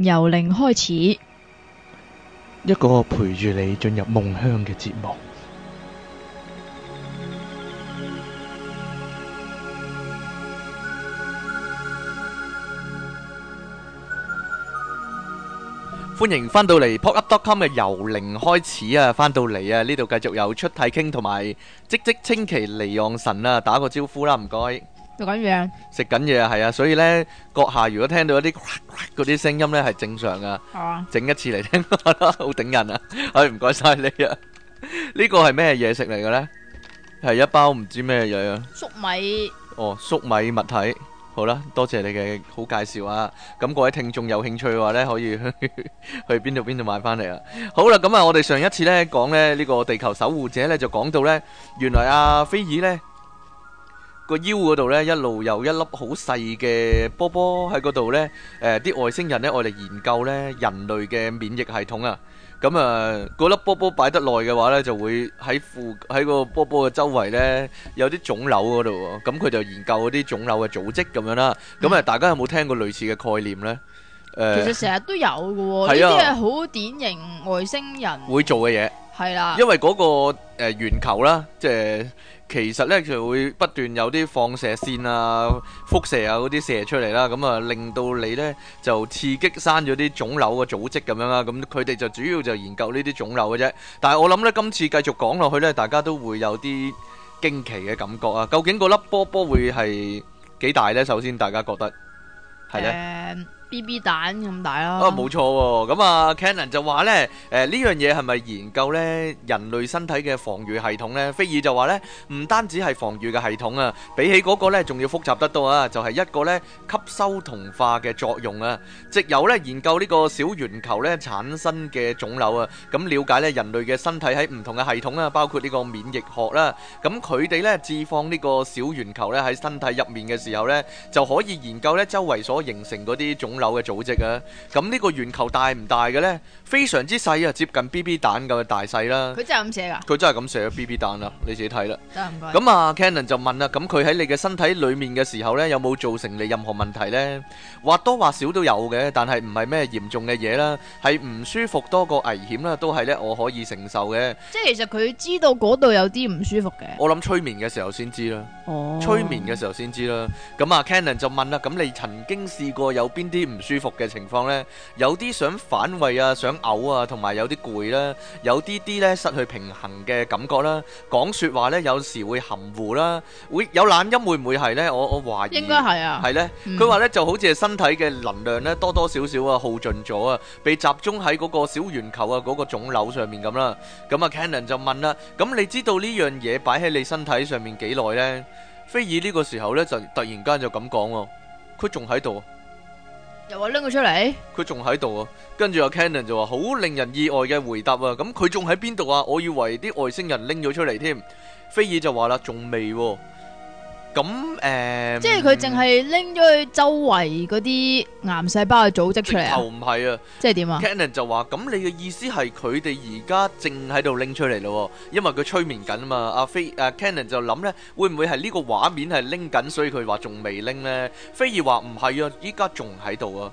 由零開始，一個陪住你進入夢鄉嘅節目。歡迎返到嚟 popup.com 嘅由零開始啊！返到嚟啊，呢度繼續有出體傾，同埋積積清奇尼望神啦，打個招呼啦，唔該。做緊嘢，食緊嘢，係啊，所以咧閣下如果聽到一啲嗰啲聲音咧係正常噶，整一次嚟聽，覺得好頂人啊！係唔該晒你啊！呢個係咩嘢食嚟嘅咧？係一包唔知咩嘢嘢啊！粟米哦，粟米物體，好啦，多謝你嘅好介紹啊！咁各位聽眾有興趣嘅話咧，可以去邊度邊度買翻嚟啊！好啦，咁啊，我哋上一次咧講咧呢個地球守護者咧就講到咧，原來阿菲爾咧。個腰嗰度咧，一路有一粒好細嘅波波喺嗰度咧。誒，啲外星人咧，我哋研究咧人類嘅免疫系統啊。咁啊，嗰粒波波擺得耐嘅話咧，就會喺附喺個波波嘅周圍咧有啲腫瘤嗰度。咁佢就研究嗰啲腫瘤嘅組織咁樣啦。咁啊，大家有冇聽過類似嘅概念咧？誒，其實成日都有嘅喎，呢啲係好典型外星人會做嘅嘢，係啦。因為嗰個誒圓球啦，即係。其實呢就會不斷有啲放射線啊、輻射啊嗰啲射出嚟啦，咁啊令到你呢就刺激生咗啲腫瘤嘅組織咁樣啦。咁佢哋就主要就研究呢啲腫瘤嘅啫。但係我諗呢，今次繼續講落去呢，大家都會有啲驚奇嘅感覺啊！究竟嗰粒波波會係幾大呢？首先大家覺得係呢？B B 蛋咁大咯。啊，冇錯喎，咁啊 Cannon 就話咧，誒呢樣嘢係咪研究咧人類身體嘅防禦系統咧？菲爾就話咧，唔單止係防禦嘅系統啊，比起嗰個咧仲要複雜得多啊，就係一個咧吸收同化嘅作用啊，藉由咧研究呢個小圓球咧產生嘅腫瘤啊，咁了解咧人類嘅身體喺唔同嘅系統啊，包括呢個免疫學啦，咁佢哋咧置放呢個小圓球咧喺身體入面嘅時候咧，就可以研究咧周圍所形成嗰啲腫。樓嘅組織啊，咁呢個圓球大唔大嘅呢？非常之細啊，接近 B B 彈咁嘅大細啦。佢真係咁寫噶？佢真係咁寫咗 B B 彈啦，你自己睇啦。唔該。咁啊，Cannon 就問啦，咁佢喺你嘅身體裏面嘅時候呢，有冇造成你任何問題呢？或多或少都有嘅，但係唔係咩嚴重嘅嘢啦，係唔舒服多過危險啦，都係呢。我可以承受嘅。即係其實佢知道嗰度有啲唔舒服嘅。我諗催眠嘅時候先知啦。哦。催眠嘅時候先知啦。咁啊、oh.，Cannon 就問啦，咁你曾經試過有邊啲？唔舒服嘅情況咧，有啲想反胃啊，想嘔啊，同埋有啲攰啦，有啲啲咧失去平衡嘅感覺啦，講說話咧有時會含糊啦，會有懶音會唔會係咧？我我懷疑應該係啊，係咧。佢話咧就好似係身體嘅能量咧多多少少啊耗盡咗啊，被集中喺嗰個小圓球啊嗰個腫瘤上面咁啦。咁啊，Cannon 就問啦，咁你知道呢樣嘢擺喺你身體上面幾耐咧？菲爾呢個時候咧就突然間就咁講喎，佢仲喺度。又話拎佢出嚟，佢仲喺度啊！跟住阿 Canon 就話好令人意外嘅回答啊！咁佢仲喺邊度啊？我以為啲外星人拎咗出嚟添、啊，菲爾就話啦，仲未、啊。咁誒，嗯、即係佢淨係拎咗去周圍嗰啲癌細胞嘅組織出嚟啊？直頭唔係啊，即係點啊？Cannon 就話：，咁你嘅意思係佢哋而家正喺度拎出嚟咯？因為佢催眠緊啊嘛。阿、啊、飛誒、啊、，Cannon 就諗咧，會唔會係呢個畫面係拎緊，所以佢話仲未拎呢？飛兒話唔係啊，依家仲喺度啊。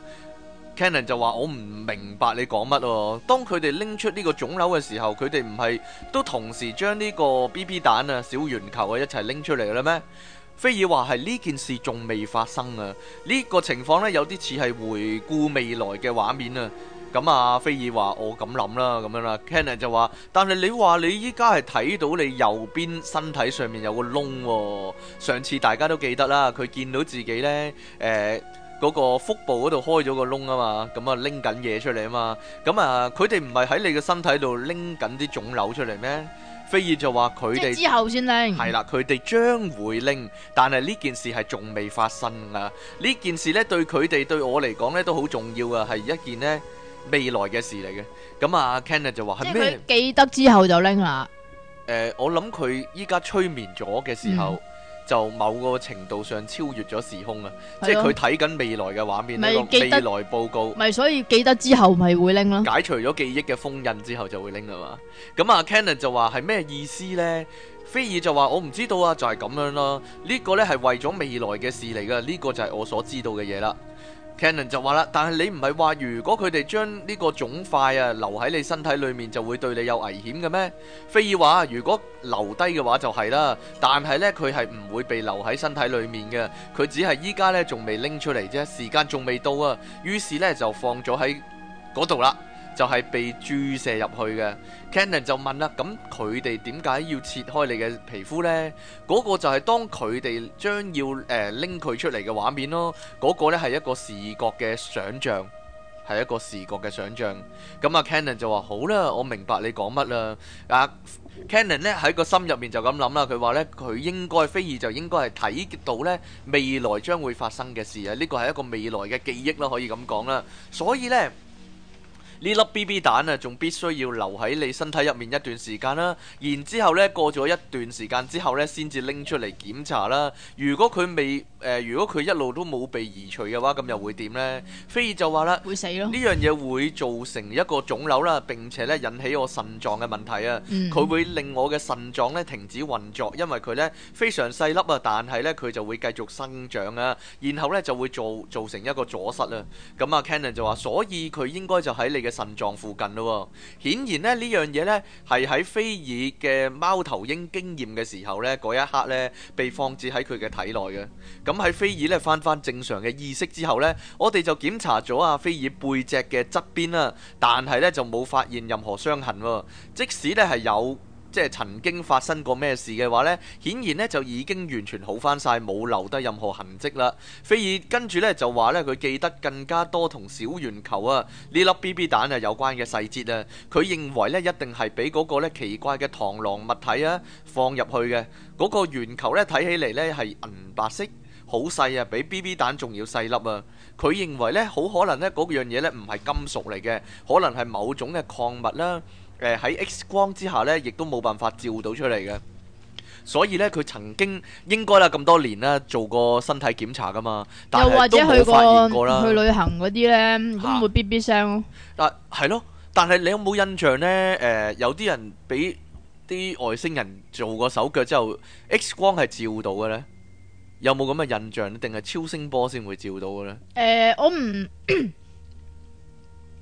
Cannon 就話：我唔明白你講乜咯？當佢哋拎出呢個腫瘤嘅時候，佢哋唔係都同時將呢個 B B 彈啊、小圓球啊一齊拎出嚟咧咩？菲爾話係呢件事仲未發生啊！呢個情況呢，有啲似係回顧未來嘅畫面啊！咁啊，菲爾話我咁諗啦，咁樣啦。Cannon 就話，但係你話你依家係睇到你右邊身體上面有個窿喎。上次大家都記得啦，佢見到自己呢誒嗰個腹部嗰度開咗個窿啊嘛，咁啊拎緊嘢出嚟啊嘛，咁啊佢哋唔係喺你嘅身體度拎緊啲腫瘤出嚟咩？飛爾就話佢哋，即之後先拎，係啦，佢哋將會拎，但係呢件事係仲未發生啊！呢件事咧對佢哋對我嚟講咧都好重要啊，係一件咧未來嘅事嚟嘅。咁啊，Kenneth 就話，即佢記得之後就拎啦。誒，我諗佢依家催眠咗嘅時候，就某個程度上超越咗時空啊！即係佢睇緊未來嘅畫面，未來報告，咪所以記得之後咪會拎咯。解除咗記憶嘅封印之後就會拎啦嘛。咁啊，Cannon 就話係咩意思呢？菲爾就話我唔知道啊，就係、是、咁樣咯、啊。呢、這個呢係為咗未來嘅事嚟噶，呢、這個就係我所知道嘅嘢啦。Cannon 就話啦，但係你唔係話如果佢哋將呢個腫塊啊留喺你身體裡面就會對你有危險嘅咩？非爾話：如果留低嘅話就係啦，但係呢，佢係唔會被留喺身體裡面嘅，佢只係依家呢仲未拎出嚟啫，時間仲未到啊。於是呢，就放咗喺嗰度啦。就係被注射入去嘅。Cannon 就問啦，咁佢哋點解要切開你嘅皮膚呢？嗰個就係當佢哋將要誒拎佢出嚟嘅畫面咯。嗰個咧係一個視覺嘅想像，係一個視覺嘅想像。咁啊，Cannon 就話：好啦，我明白你講乜啦。啊，Cannon 呢喺個心入面就咁諗啦。佢話呢，佢應該菲爾就應該係睇到呢未來將會發生嘅事啊。呢個係一個未來嘅記憶咯，可以咁講啦。所以呢。呢粒 BB 蛋啊，仲必須要留喺你身體入面一段時間啦，然之後咧過咗一段時間之後咧，先至拎出嚟檢查啦。如果佢未誒，如果佢一路都冇被移除嘅話，咁又會點咧？菲爾就話啦：會死咯。呢樣嘢會造成一個腫瘤啦，並且咧引起我腎臟嘅問題啊。佢會令我嘅腎臟咧停止運作，因為佢咧非常細粒啊，但係咧佢就會繼續生長啊，然後咧就會造造成一個阻塞啊。咁啊，Cannon 就話：所以佢應該就喺你嘅腎臟附近咯，顯然呢，呢樣嘢呢係喺菲爾嘅貓頭鷹經驗嘅時候呢，嗰一刻呢被放置喺佢嘅體內嘅。咁喺菲爾呢翻翻正常嘅意識之後呢，我哋就檢查咗阿菲爾背脊嘅側邊啦，但係呢就冇發現任何傷痕，即使呢係有。即係曾經發生過咩事嘅話咧，顯然咧就已經完全好返曬，冇留得任何痕跡啦。菲爾跟住咧就話咧，佢記得更加多同小圓球啊呢粒 BB 彈啊有關嘅細節啊。佢認為咧一定係俾嗰個咧奇怪嘅螳螂物體啊放入去嘅。嗰個圓球咧睇起嚟咧係銀白色，好細啊，比 BB 彈仲要細粒啊。佢認為咧好可能咧嗰樣嘢咧唔係金屬嚟嘅，可能係某種嘅礦物啦。誒，喺、呃、X 光之下咧，亦都冇辦法照到出嚟嘅，所以咧佢曾經應該啦咁多年啦做過身體檢查噶嘛，又或者去過，過去旅行嗰啲咧都唔會嗶嗶聲。嗱係、啊、咯，但係你有冇印象咧？誒、呃，有啲人俾啲外星人做過手腳之後，X 光係照到嘅咧，有冇咁嘅印象？定係超聲波先會照到嘅咧？誒、呃，我唔。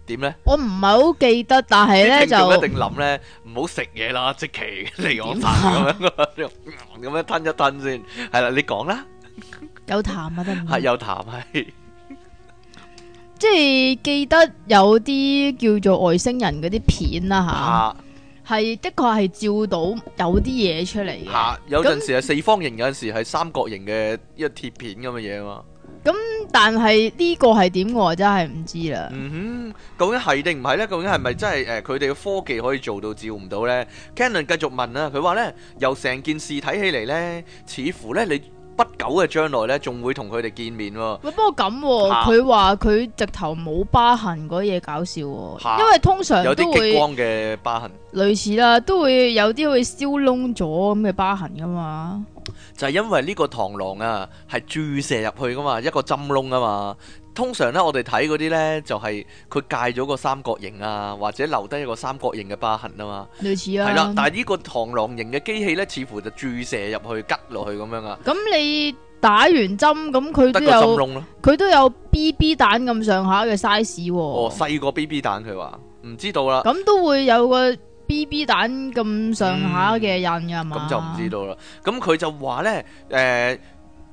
點咧？我唔係好記得，但係咧還 就一定諗咧，唔好食嘢啦！即期嚟講咁樣、啊， 樣吞一吞先。係啦，你講啦。有痰啊，都唔係有痰係， 即係記得有啲叫做外星人嗰啲片啦吓，係、啊、的確係照到有啲嘢出嚟。吓、啊，有陣時係四方形，有陣時係三角形嘅一個鐵片咁嘅嘢嘛。咁，但係呢個係點我真係唔知啦。嗯哼，究竟係定唔係咧？究竟係咪真係誒佢哋嘅科技可以做到照唔到咧？Cannon 繼續問啦、啊，佢話咧由成件事睇起嚟咧，似乎咧你不久嘅將來咧仲會同佢哋見面喎、哦。喂、啊，不過咁，佢話佢直頭冇疤痕嗰嘢搞笑喎、啊，啊、因為通常都會有啲激光嘅疤痕，類似啦，都會有啲好似燒窿咗咁嘅疤痕噶嘛。就係因為呢個螳螂啊，係注射入去噶嘛，一個針窿啊嘛。通常咧，我哋睇嗰啲咧，就係佢戒咗個三角形啊，或者留低一個三角形嘅疤痕啊嘛。類似啊，係啦。但係呢個螳螂形嘅機器咧，似乎就注射入去拮落去咁樣啊。咁你打完針，咁佢都有針窿咯。佢都有 B B 蛋咁上下嘅 size。哦，細過 B B 蛋，佢話唔知道啦。咁都會有個。B B 蛋咁上下嘅印噶嘛？咁、嗯、吧就唔知道啦。咁佢就話呢，誒、呃，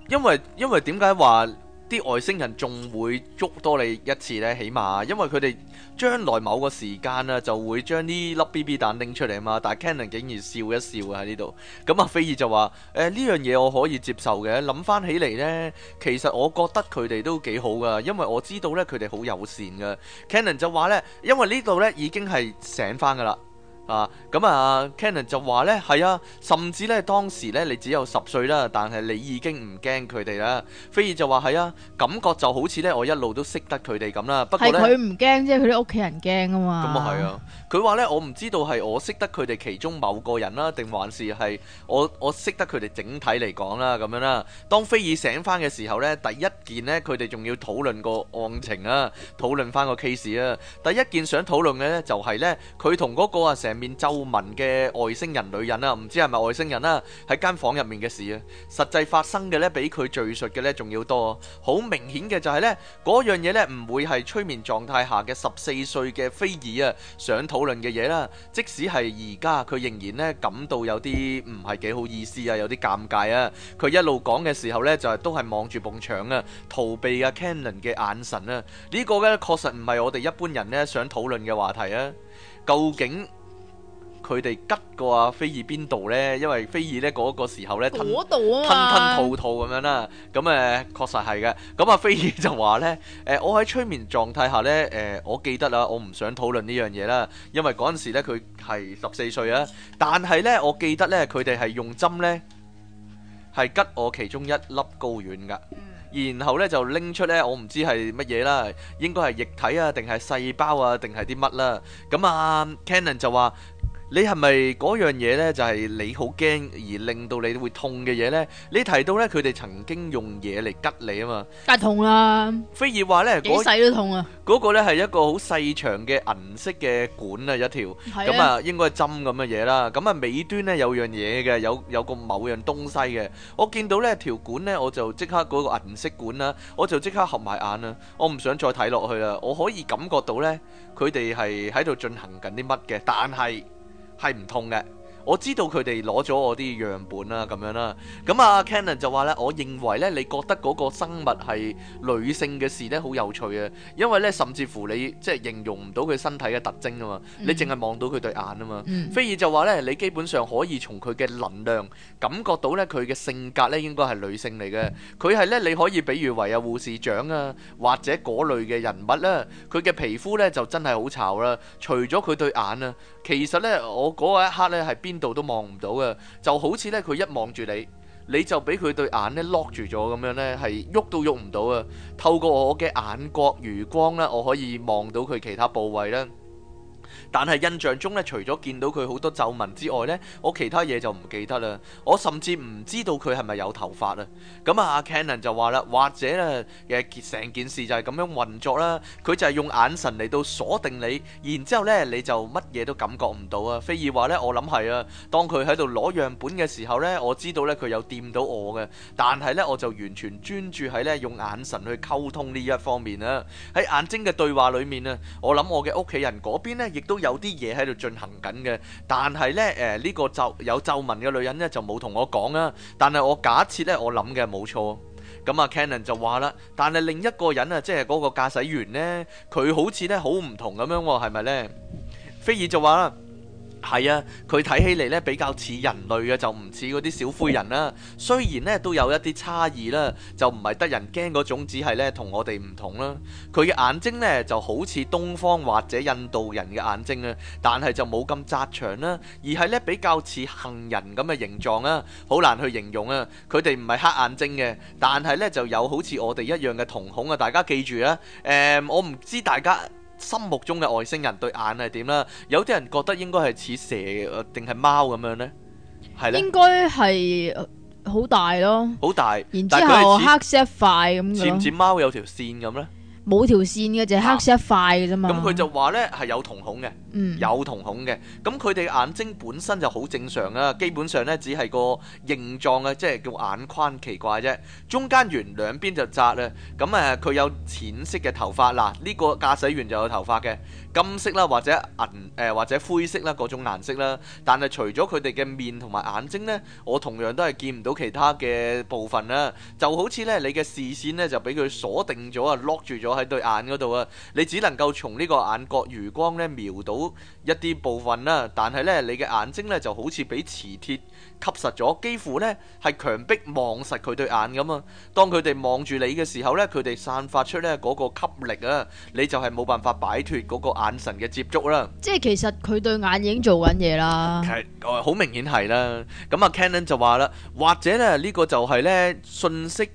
因為因為點解話啲外星人仲會捉多你一次呢？起碼因為佢哋將來某個時間呢，就會將呢粒 B B 蛋拎出嚟啊嘛。但係 Cannon 竟然笑一笑啊喺呢度。咁阿菲爾就話，誒，呢樣嘢我可以接受嘅。諗翻起嚟呢，其實我覺得佢哋都幾好噶，因為我知道呢，佢哋好友善噶。Cannon 就話呢，因為呢度呢已經係醒翻噶啦。啊，咁啊 Cannon 就話咧，係啊，甚至咧，當時咧，你只有十歲啦，但係你已經唔驚佢哋啦。菲爾就話係啊，感覺就好似咧，我一路都識得佢哋咁啦。不過咧，佢唔驚啫，佢啲屋企人驚啊嘛。咁啊係啊，佢話咧，我唔知道係我識得佢哋其中某個人啦，定還是係我我識得佢哋整體嚟講啦，咁樣啦、啊。當菲爾醒翻嘅時候咧，第一件呢，佢哋仲要討論個案情啊，討論翻個 case 啊。第一件想討論嘅咧，就係、是、咧，佢同嗰個啊成，面皺紋嘅外星人女人啊，唔知係咪外星人啊，喺間房入面嘅事啊，實際發生嘅咧，比佢敘述嘅咧仲要多。好明顯嘅就係、是、咧，嗰樣嘢咧唔會係催眠狀態下嘅十四歲嘅菲爾啊想討論嘅嘢啦。即使係而家，佢仍然咧感到有啲唔係幾好意思啊，有啲尷尬啊。佢一路講嘅時候咧、就是，就係都係望住埲牆啊，逃避啊 Cannon 嘅眼神啊。呢、這個咧確實唔係我哋一般人咧想討論嘅話題啊。究竟？佢哋吉過阿飛爾邊度咧？因為飛爾咧嗰個時候咧，嗰度啊嘛，吞吞吐吐咁樣啦。咁誒確實係嘅。咁啊，飛爾就話咧誒，我喺催眠狀態下咧誒，我記得啦，我唔想討論呢樣嘢啦，因為嗰陣時咧佢係十四歲啊。但係咧，我記得咧佢哋係用針咧係吉我其中一粒睾丸㗎，然後咧就拎出咧，我唔知係乜嘢啦，應該係液體啊，定係細胞啊，定係啲乜啦。咁啊，Cannon 就話。你係咪嗰樣嘢呢？就係、是、你好驚而令到你會痛嘅嘢呢？你提到呢，佢哋曾經用嘢嚟吉你啊嘛，梗係痛啦、啊。非爾話咧，幾細都痛啊。嗰個咧係一個好細長嘅銀色嘅管啊，一條咁啊，嗯、應該係針咁嘅嘢啦。咁啊，尾端呢，有樣嘢嘅，有有個某樣東西嘅。我見到呢條管呢，我就即刻嗰個銀色管啦，我就即刻合埋眼啦，我唔想再睇落去啦。我可以感覺到呢，佢哋係喺度進行緊啲乜嘅，但係。係唔痛嘅，我知道佢哋攞咗我啲樣本啦，咁樣啦。咁啊，Cannon 就話咧，我認為咧，你覺得嗰個生物係女性嘅事咧，好有趣啊。因為咧，甚至乎你即係形容唔到佢身體嘅特徵啊嘛，你淨係望到佢對眼啊嘛。菲、mm hmm. 爾就話咧，你基本上可以從佢嘅能量感覺到咧，佢嘅性格咧應該係女性嚟嘅。佢係咧，你可以比喻為啊護士長啊，或者嗰類嘅人物啦、啊。佢嘅皮膚咧就真係好糙啦，除咗佢對眼啊。其實咧，我嗰一刻咧，係邊度都望唔到嘅，就好似咧佢一望住你，你就俾佢對眼咧 lock 住咗咁樣咧，係喐都喐唔到啊！透過我嘅眼角餘光咧，我可以望到佢其他部位咧。但係印象中咧，除咗見到佢好多皺紋之外呢，我其他嘢就唔記得啦。我甚至唔知道佢係咪有頭髮啊？咁啊，阿 Canon 就話啦，或者咧成件事就係咁樣運作啦。佢就係用眼神嚟到鎖定你，然之後呢，你就乜嘢都感覺唔到啊。菲爾話呢，我諗係啊。當佢喺度攞樣本嘅時候呢，我知道呢，佢有掂到我嘅，但係呢，我就完全專注喺呢，用眼神去溝通呢一方面啊。喺眼睛嘅對話裡面啊，我諗我嘅屋企人嗰邊咧亦都，有啲嘢喺度進行緊嘅，但係咧，誒、呃、呢、這個皺有皺紋嘅女人呢就冇同我講啊，但係我假設呢，我諗嘅冇錯。咁啊，Cannon 就話啦，但係另一個人啊，即係嗰個駕駛員咧，佢好似呢好唔同咁樣喎、哦，係咪呢？菲爾就話啦。係啊，佢睇起嚟咧比較似人類啊，就唔似嗰啲小灰人啦。雖然咧都有一啲差異啦，就唔係得人驚嗰種，只係咧同我哋唔同啦。佢嘅眼睛咧就好似東方或者印度人嘅眼睛啊，但係就冇咁窄長啦，而係咧比較似杏仁咁嘅形狀啊，好難去形容啊。佢哋唔係黑眼睛嘅，但係咧就有好似我哋一樣嘅瞳孔啊。大家記住啊，誒、呃，我唔知大家。心目中嘅外星人對眼係點咧？有啲人覺得應該係似蛇定係貓咁樣咧，係咧，應該係好大咯，好大，然之後黑色一塊咁，似唔似貓有條線咁咧？冇條線嘅，就黑色一塊嘅啫嘛。咁佢就話呢係有瞳孔嘅，有瞳孔嘅。咁佢哋眼睛本身就好正常啊，基本上呢只係個形狀啊，即係叫眼眶奇怪啫。中間圓，兩邊就窄啊。咁、嗯、啊，佢有淺色嘅頭髮啦。呢、這個駕駛員就有頭髮嘅。金色啦，或者銀誒、呃，或者灰色啦，嗰種顏色啦。但係除咗佢哋嘅面同埋眼睛呢，我同樣都係見唔到其他嘅部分啦。就好似呢，你嘅視線呢，就俾佢鎖定咗啊，lock 住咗喺對眼嗰度啊。你只能夠從呢個眼角餘光呢瞄到一啲部分啦。但係呢，你嘅眼睛呢，就好似俾磁鐵吸實咗，幾乎呢係強迫望實佢對眼咁啊！當佢哋望住你嘅時候呢，佢哋散發出呢嗰個吸力啊，你就係冇辦法擺脱嗰個眼神嘅接觸啦。即係其實佢對眼已經做緊嘢啦，係好、嗯嗯、明顯係啦。咁啊 Cannon 就話啦，或者咧呢、呢個就係呢信息。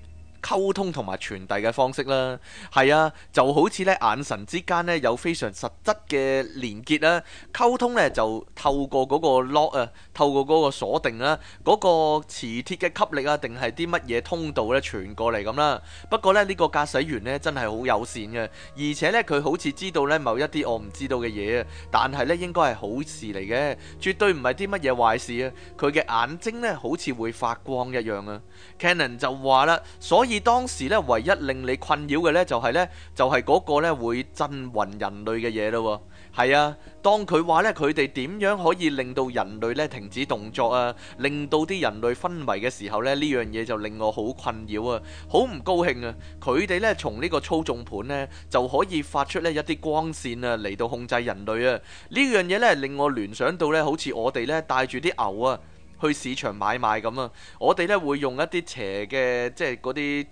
溝通同埋傳遞嘅方式啦，係啊，就好似咧眼神之間呢有非常實質嘅連結啦。溝通呢就透過嗰個 lock 啊，透過嗰個鎖定啦，嗰個磁鐵嘅吸力啊，定係啲乜嘢通道咧傳過嚟咁啦。不過呢，呢個駕駛員呢真係好友善嘅，而且呢，佢好似知道呢某一啲我唔知道嘅嘢啊。但係呢應該係好事嚟嘅，絕對唔係啲乜嘢壞事啊。佢嘅眼睛呢好似會發光一樣啊。Canon 就話啦，所以。而當時咧，唯一令你困擾嘅咧，就係咧，就係嗰個咧會震暈人類嘅嘢咯。係啊，當佢話咧佢哋點樣可以令到人類咧停止動作啊，令到啲人類昏迷嘅時候咧，呢樣嘢就令我好困擾啊，好唔高興啊。佢哋咧從呢個操縱盤咧就可以發出呢一啲光線啊嚟，到控制人類啊。呢樣嘢咧令我聯想到咧，好似我哋咧帶住啲牛啊。去市場買賣咁啊！我哋咧會用一啲斜嘅，即係啲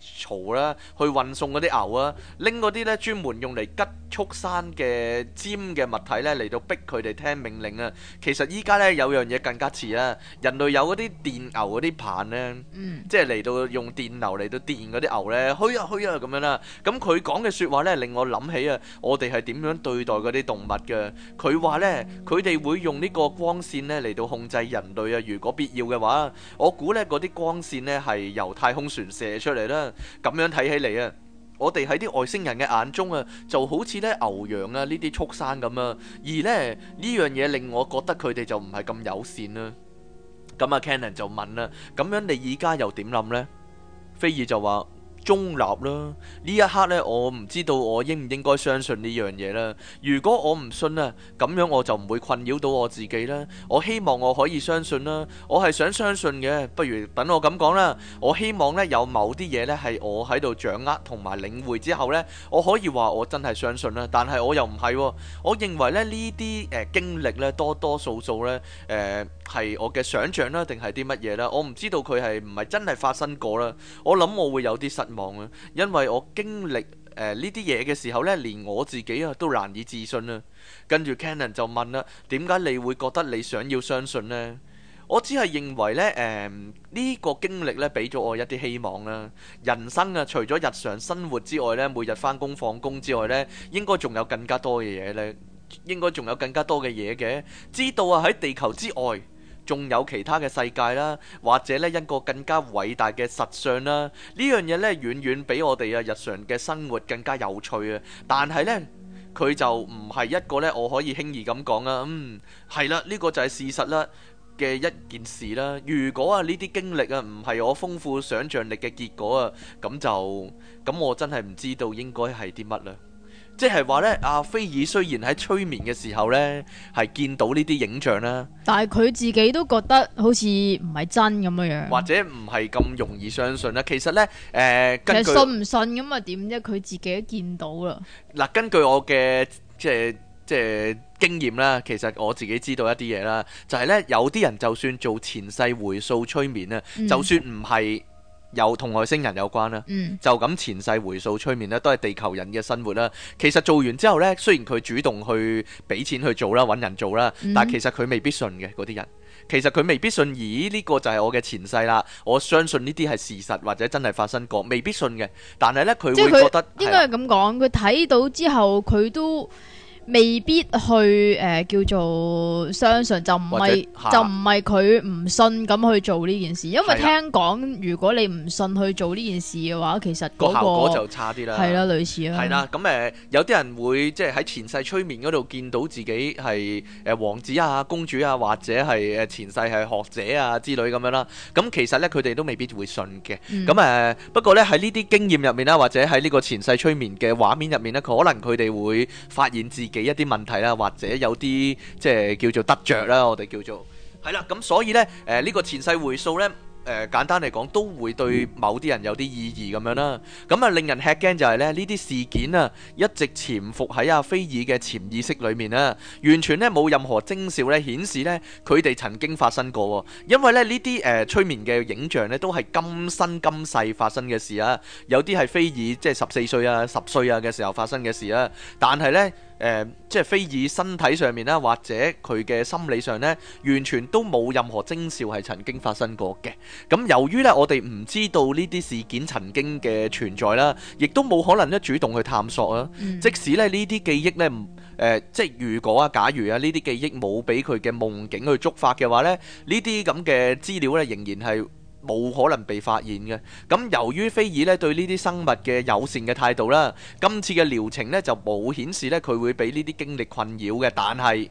槽啦，去運送啲牛啊，拎啲咧專門用嚟吉畜生嘅尖嘅物體咧嚟到逼佢哋聽命令啊！其實依家咧有樣嘢更加似啦，人類有啲電牛啲棒咧，嗯，即係嚟到用電流嚟到電啲牛咧，去啊去啊咁、啊、樣啦！咁佢講嘅說話咧令我諗起啊，我哋係點樣對待嗰啲動物嘅？佢話咧佢哋會用呢個光線咧嚟到控制人類啊！如果必要嘅話，我估呢嗰啲光線呢係由太空船射出嚟啦。咁樣睇起嚟啊，我哋喺啲外星人嘅眼中啊，就好似呢牛羊啊呢啲畜生咁啊。而呢呢樣嘢令我覺得佢哋就唔係咁友善啦。咁啊，Cannon 就問啦：「咁樣你而家又點諗呢？」菲爾就話。中立啦，呢一刻咧，我唔知道我應唔應該相信呢樣嘢。啦，如果我唔信啊，咁樣我就唔會困擾到我自己啦。我希望我可以相信啦，我係想相信嘅。不如等我咁講啦，我希望咧有某啲嘢咧係我喺度掌握同埋領會之後咧，我可以話我真係相信啦。但係我又唔係，啊，我認為咧呢啲誒、呃、經歷咧多多少少咧誒係我嘅想象啦，定係啲乜嘢啦，我唔知道佢係唔係真係發生過啦。我諗我會有啲失望啊！因為我經歷誒呢啲嘢嘅時候咧，連我自己啊都難以置信啊！跟住 Cannon 就問啦：點解你會覺得你想要相信咧？我只係認為咧誒呢個經歷咧，俾咗我一啲希望啦。人生啊，除咗日常生活之外咧，每日返工放工之外咧，應該仲有更加多嘅嘢咧，應該仲有更加多嘅嘢嘅。知道啊，喺地球之外。仲有其他嘅世界啦，或者呢一個更加偉大嘅實相啦。呢樣嘢呢，遠遠比我哋啊日常嘅生活更加有趣啊。但係呢，佢就唔係一個呢，我可以輕易咁講啊。嗯，係啦，呢個就係事實啦嘅一件事啦。如果啊呢啲經歷啊唔係我豐富想象力嘅結果啊，咁就咁，我真係唔知道應該係啲乜啦。即係話咧，阿、啊、菲爾雖然喺催眠嘅時候咧，係見到呢啲影像啦，但係佢自己都覺得好似唔係真咁嘅樣，或者唔係咁容易相信啦。其實咧，誒，其實信唔信咁啊？點啫？佢自己都見到啦。嗱，根據我嘅，即係即係經驗啦，其實我自己知道一啲嘢啦，就係咧，有啲人就算做前世回溯催眠啊，嗯、就算唔係。又同外星人有關啦，嗯、就咁前世回溯催眠呢，都係地球人嘅生活啦。其實做完之後呢，雖然佢主動去俾錢去做啦，揾人做啦，但其實佢未必信嘅嗰啲人，其實佢未必信。咦？呢、呢個就係我嘅前世啦，我相信呢啲係事實或者真係發生過，未必信嘅。但係呢，佢會覺得應該係咁講。佢睇、啊、到之後，佢都。未必去誒、呃、叫做相信，就唔係者就唔係佢唔信咁去做呢件事，因為聽講的如果你唔信去做呢件事嘅話，其實、個效果就差啲啦，係啦，類似啦，係啦。咁、呃、誒有啲人會即係喺前世催眠嗰度見到自己係誒王子啊、公主啊，或者係誒前世係學者啊之類咁樣啦。咁其實咧，佢哋都未必會信嘅。咁誒、嗯呃、不過咧喺呢啲經驗入面啦，或者喺呢個前世催眠嘅畫面入面咧，可能佢哋會發現自己。嘅一啲問題啦，或者有啲即係叫做得著啦，我哋叫做係啦。咁所以咧，誒呢個前世回溯咧，誒簡單嚟講都會對某啲人有啲意義咁樣啦。咁啊，令人吃驚就係咧呢啲事件啊，一直潛伏喺阿菲爾嘅潛意識裏面啦，完全咧冇任何徵兆咧顯示咧佢哋曾經發生過。因為咧呢啲誒催眠嘅影像咧都係今生今世發生嘅事啊，有啲係菲爾即係十四歲啊、十歲啊嘅時候發生嘅事啊，但係咧。誒、呃，即係菲爾身體上面啦，或者佢嘅心理上呢，完全都冇任何徵兆係曾經發生過嘅。咁由於呢，我哋唔知道呢啲事件曾經嘅存在啦，亦都冇可能咧主動去探索啦。嗯、即使咧呢啲記憶呢，誒、呃，即係如果啊，假如啊，呢啲記憶冇俾佢嘅夢境去觸發嘅話咧，呢啲咁嘅資料呢，仍然係。冇可能被發現嘅。咁由於菲爾咧對呢啲生物嘅友善嘅態度啦，今次嘅療程呢就冇顯示呢佢會俾呢啲經歷困擾嘅。但係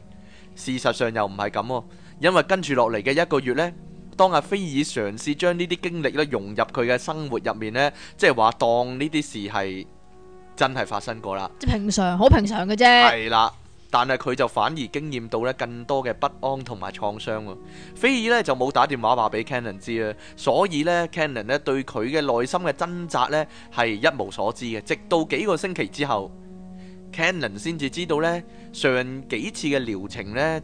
事實上又唔係咁喎，因為跟住落嚟嘅一個月呢，當阿菲爾嘗試將呢啲經歷呢融入佢嘅生活入面呢，即係話當呢啲事係真係發生過啦。即平常，好平常嘅啫。係啦。但係佢就反而經驗到咧更多嘅不安同埋創傷喎。菲爾咧就冇打電話話俾 Cannon 知啊，所以咧 Cannon 咧對佢嘅內心嘅掙扎咧係一無所知嘅。直到幾個星期之後，Cannon 先至知道咧上幾次嘅療程咧。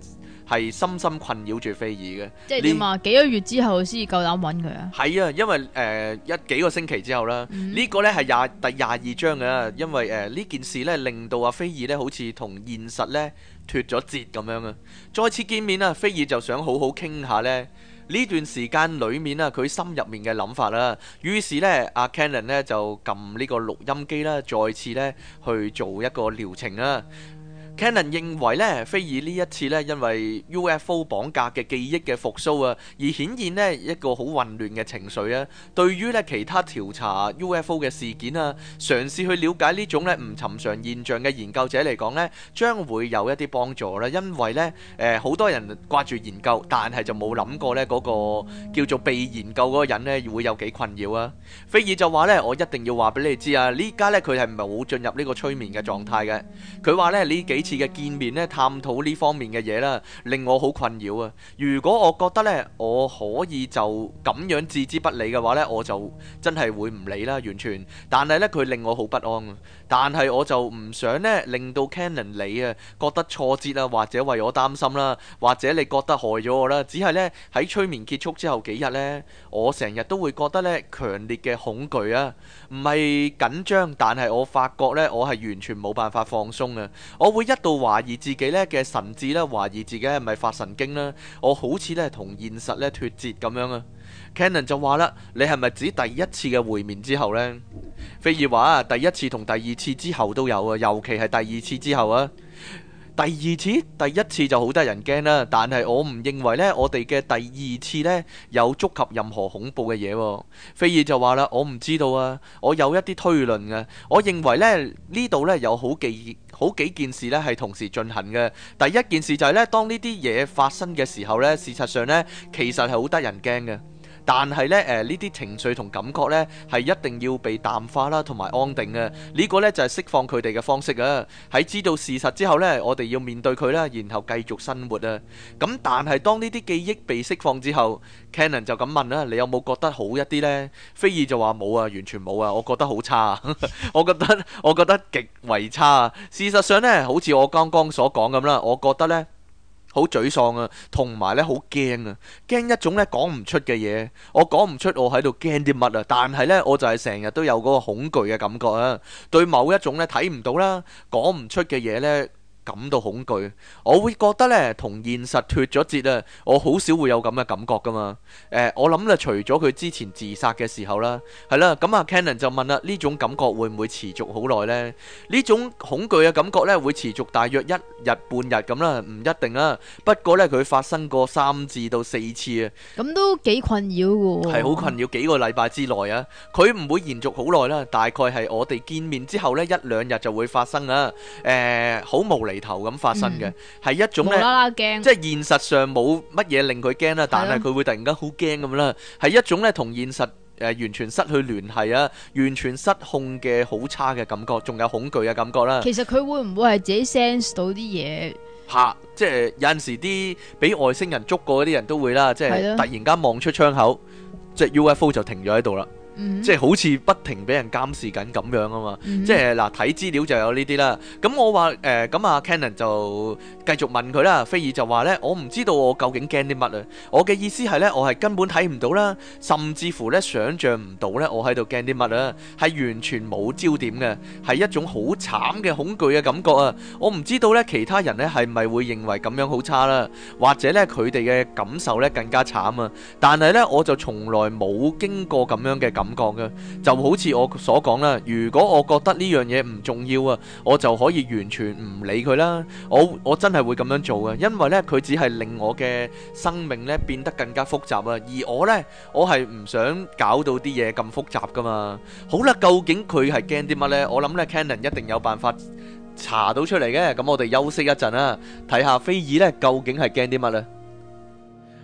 係深深困擾住菲爾嘅。即係點啊？你幾個月之後先夠膽揾佢啊？係啊，因為誒、呃、一幾個星期之後啦。呢、嗯、個呢係廿第廿二章啊。因為誒呢、呃、件事咧，令到阿菲爾咧好似同現實咧脱咗節咁樣啊。再次見面啊，菲爾就想好好傾下咧呢、嗯、段時間裏面啊，佢心入面嘅諗法啦。於是呢，阿 Cannon 呢就撳呢個錄音機啦，再次呢去做一個療程啦。嗯 Canon 認為咧，菲爾呢一次咧，因為 UFO 綁架嘅記憶嘅復甦啊，而顯現咧一個好混亂嘅情緒啊。對於咧其他調查 UFO 嘅事件啊，嘗試去了解呢種咧唔尋常現象嘅研究者嚟講咧，將會有一啲幫助啦。因為咧，誒好多人掛住研究，但係就冇諗過咧嗰個叫做被研究嗰個人咧會有幾困擾啊。菲爾就話咧，我一定要話俾你知啊，呢家咧佢係唔係好進入呢個催眠嘅狀態嘅？佢話咧呢幾。次嘅見面咧，探討呢方面嘅嘢啦，令我好困擾啊！如果我覺得呢，我可以就咁樣置之不理嘅話呢，我就真係會唔理啦，完全。但係呢，佢令我好不安。但係我就唔想呢，令到 Cannon 你啊覺得挫折啊，或者為我擔心啦，或者你覺得害咗我啦。只係呢，喺催眠結束之後幾日呢，我成日都會覺得呢，強烈嘅恐懼啊！唔係緊張，但係我發覺呢，我係完全冇辦法放鬆啊！我會一度懷疑自己呢嘅神智，呢懷疑自己係咪發神經啦？我好似呢同現實咧脫節咁樣啊！Cannon 就話啦：「你係咪指第一次嘅會面之後呢？」菲爾話啊，第一次同第二次之後都有啊，尤其係第二次之後啊。第二次，第一次就好得人驚啦。但係我唔認為呢，我哋嘅第二次呢，有觸及任何恐怖嘅嘢。菲爾就話啦：我唔知道啊，我有一啲推論嘅、啊。我認為呢，呢度呢，有好幾好幾件事呢係同時進行嘅。第一件事就係呢，當呢啲嘢發生嘅時候呢，事實上呢，其實係好得人驚嘅。但係呢，誒呢啲情緒同感覺呢，係一定要被淡化啦，同埋安定嘅呢、呢個呢，就係、是、釋放佢哋嘅方式啊！喺知道事實之後呢，我哋要面對佢啦，然後繼續生活啊！咁但係當呢啲記憶被釋放之後，Cannon 就咁問啦：你有冇覺得好一啲呢？菲爾，菲爾就話冇啊，完全冇啊，我覺得好差 我覺得，我覺得我覺得極為差。事實上呢，好似我剛剛所講咁啦，我覺得呢。好沮喪啊，同埋咧好驚啊，驚一種咧講唔出嘅嘢，我講唔出我喺度驚啲乜啊，但係咧我就係成日都有嗰個恐懼嘅感覺啊，對某一種咧睇唔到啦，講唔出嘅嘢咧。感到恐懼，我會覺得咧同現實脫咗節啊！我好少會有咁嘅感覺噶嘛。誒、呃，我諗咧，除咗佢之前自殺嘅時候啦，係啦，咁、嗯、啊，Cannon 就問啦，呢種感覺會唔會持續好耐咧？呢種恐懼嘅感覺咧，會持續大約一日半日咁啦，唔一定啊。不過咧，佢發生過三次到四次啊。咁都幾困擾嘅喎。哦。係好困擾，幾個禮拜之內啊。佢唔會延續好耐啦，大概係我哋見面之後咧，一兩日就會發生啊。誒、呃，好無理。頭咁發生嘅係一種咧，無啦啦驚，即係現實上冇乜嘢令佢驚啦，但係佢會突然間好驚咁啦，係一種咧同現實誒完全失去聯繫啊，完全失控嘅好差嘅感覺，仲有恐懼嘅感覺啦。其實佢會唔會係自己 sense 到啲嘢吓？即係有陣時啲俾外星人捉過嗰啲人都會啦，即係突然間望出窗口，即係 UFO 就停咗喺度啦。即係好似不停俾人監視緊咁樣啊嘛！即係嗱睇資料就有呢啲啦。咁我話誒咁、呃、啊，Cannon 就繼續問佢啦。菲爾就話咧：我唔知道我究竟驚啲乜啊！我嘅意思係咧，我係根本睇唔到啦，甚至乎咧想像唔到咧，我喺度驚啲乜啊！係完全冇焦點嘅，係一種好慘嘅恐懼嘅感覺啊！我唔知道咧其他人咧係咪會認為咁樣好差啦，或者咧佢哋嘅感受咧更加慘啊！但係咧我就從來冇經過咁樣嘅感。咁講嘅就好似我所講啦。如果我覺得呢樣嘢唔重要啊,我就可以完全唔理佢啦。我我真係會咁樣做嘅，因為呢，佢只係令我嘅生命呢變得更加複雜啊。而我呢，我係唔想搞到啲嘢咁複雜噶嘛。好啦，究竟佢係驚啲乜呢？我諗呢，Cannon 一定有辦法查到出嚟嘅。咁我哋休息一陣啦，睇下菲爾呢，究竟係驚啲乜呢？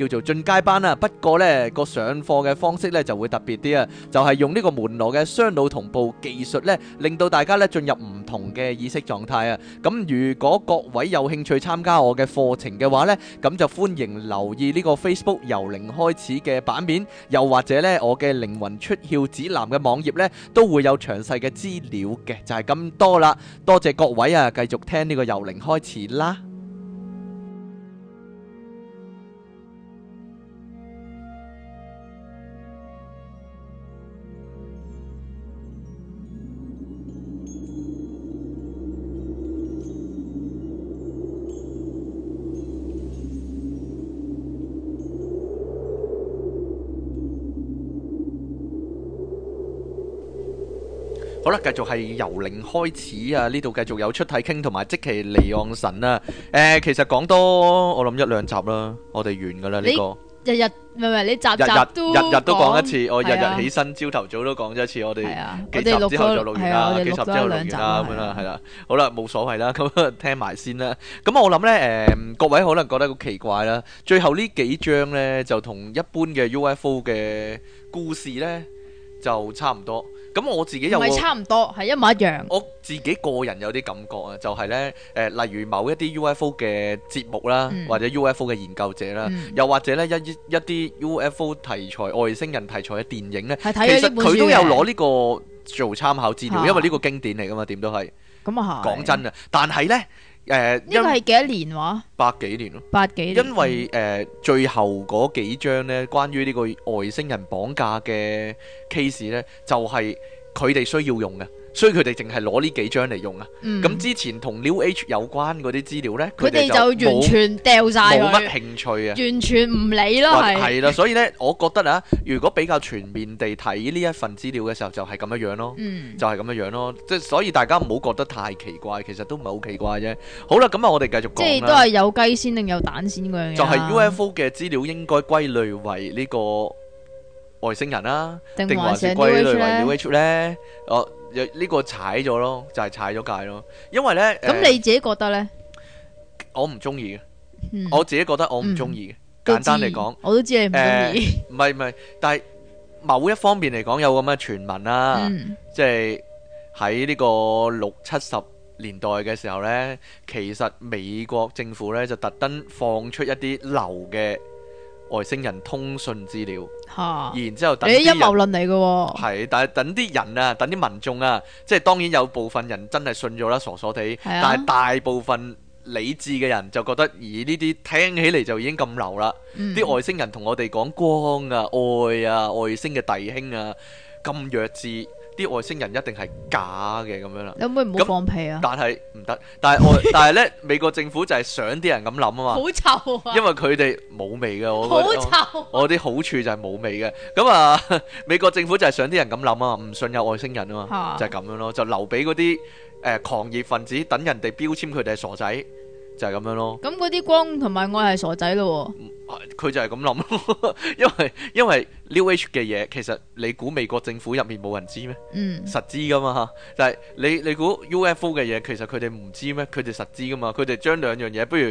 叫做進階班啦，不過呢個上課嘅方式呢就會特別啲啊，就係用呢個門羅嘅雙腦同步技術呢，令到大家呢進入唔同嘅意識狀態啊。咁如果各位有興趣參加我嘅課程嘅話呢，咁就歡迎留意呢個 Facebook 由零開始嘅版面，又或者呢我嘅靈魂出竅指南嘅網頁呢都會有詳細嘅資料嘅，就係咁多啦。多謝各位啊，繼續聽呢個由零開始啦。好啦，繼續係由零開始啊！呢度繼續有出體傾同埋即期離岸神啊！誒，其實講多我諗一兩集啦，我哋完噶啦呢個。日日唔係唔係，你集集都日日都講一次，我日日起身朝頭早都講一次，我哋幾集之後就錄完啦，幾集之後錄完啦咁樣啦，係啦。好啦，冇所謂啦，咁聽埋先啦。咁我諗咧，誒，各位可能覺得好奇怪啦，最後呢幾章咧就同一般嘅 UFO 嘅故事咧就差唔多。咁我自己又唔係差唔多，係一模一樣。我自己個人有啲感覺啊，就係、是、呢，誒、呃，例如某一啲 UFO 嘅節目啦，嗯、或者 UFO 嘅研究者啦，嗯、又或者呢，一一一啲 UFO 題材、外星人題材嘅電影呢，其實佢都有攞呢個做參考資料，啊、因為呢個經典嚟㗎嘛，點都係。咁啊係。講真啊，但係呢。誒、呃，因為幾多,多年話？百幾年咯，百幾年。因為誒、嗯呃，最後嗰幾張咧，關於呢個外星人綁架嘅 case 咧，就係佢哋需要用嘅。所以佢哋淨係攞呢幾張嚟用啊？咁、嗯、之前同 New Age 有關嗰啲資料呢，佢哋就完全掉晒，冇乜興趣啊，完全唔理咯。係啦，所以呢，我覺得啊，如果比較全面地睇呢一份資料嘅時候，就係咁樣樣咯，嗯、就係咁樣樣咯。即係所以大家唔好覺得太奇怪，其實都唔係好奇怪啫。好啦，咁啊，我哋繼續講，即係都係有雞先定有蛋先咁樣、啊、就係 UFO 嘅資料應該歸類為呢個外星人啦、啊，定還是歸類為 New Age 咧？呢個踩咗咯，就係、是、踩咗界咯。因為呢，咁你自己覺得呢？我唔中意嘅。嗯、我自己覺得我唔中意嘅。嗯、簡單嚟講，我都知你唔中意。唔係唔係，但係某一方面嚟講，有咁嘅傳聞啦、啊。即係喺呢個六七十年代嘅時候呢，其實美國政府呢，就特登放出一啲流嘅外星人通訊資料，嚇！然之後等啲人，你陰謀論嚟嘅喎。係，但係等啲人啊，等啲民眾啊，即係當然有部分人真係信咗啦，傻傻地。係啊。但係大部分理智嘅人就覺得，咦，呢啲聽起嚟就已經咁流啦。啲外星人同我哋講光啊、愛啊、外星嘅弟兄啊，咁弱智。啲外星人一定係假嘅咁樣啦，有冇唔好放屁啊？但係唔得，但係外，但係咧 美國政府就係想啲人咁諗啊嘛，好臭啊！因為佢哋冇味嘅，我覺得，好臭 很醜。我啲好處就係冇味嘅，咁啊美國政府就係想啲人咁諗啊嘛，唔信有外星人啊嘛， 就係咁樣咯，就留俾嗰啲誒狂熱分子等人哋標籤佢哋係傻仔。就係咁樣咯。咁嗰啲光同埋我係傻仔咯。佢就係咁諗。因為因為 New Age 嘅嘢，其實你估美國政府入面冇人知咩？嗯，實知噶嘛吓。但係你你估 UFO 嘅嘢，其實佢哋唔知咩？佢哋實知噶嘛？佢哋將兩樣嘢，不如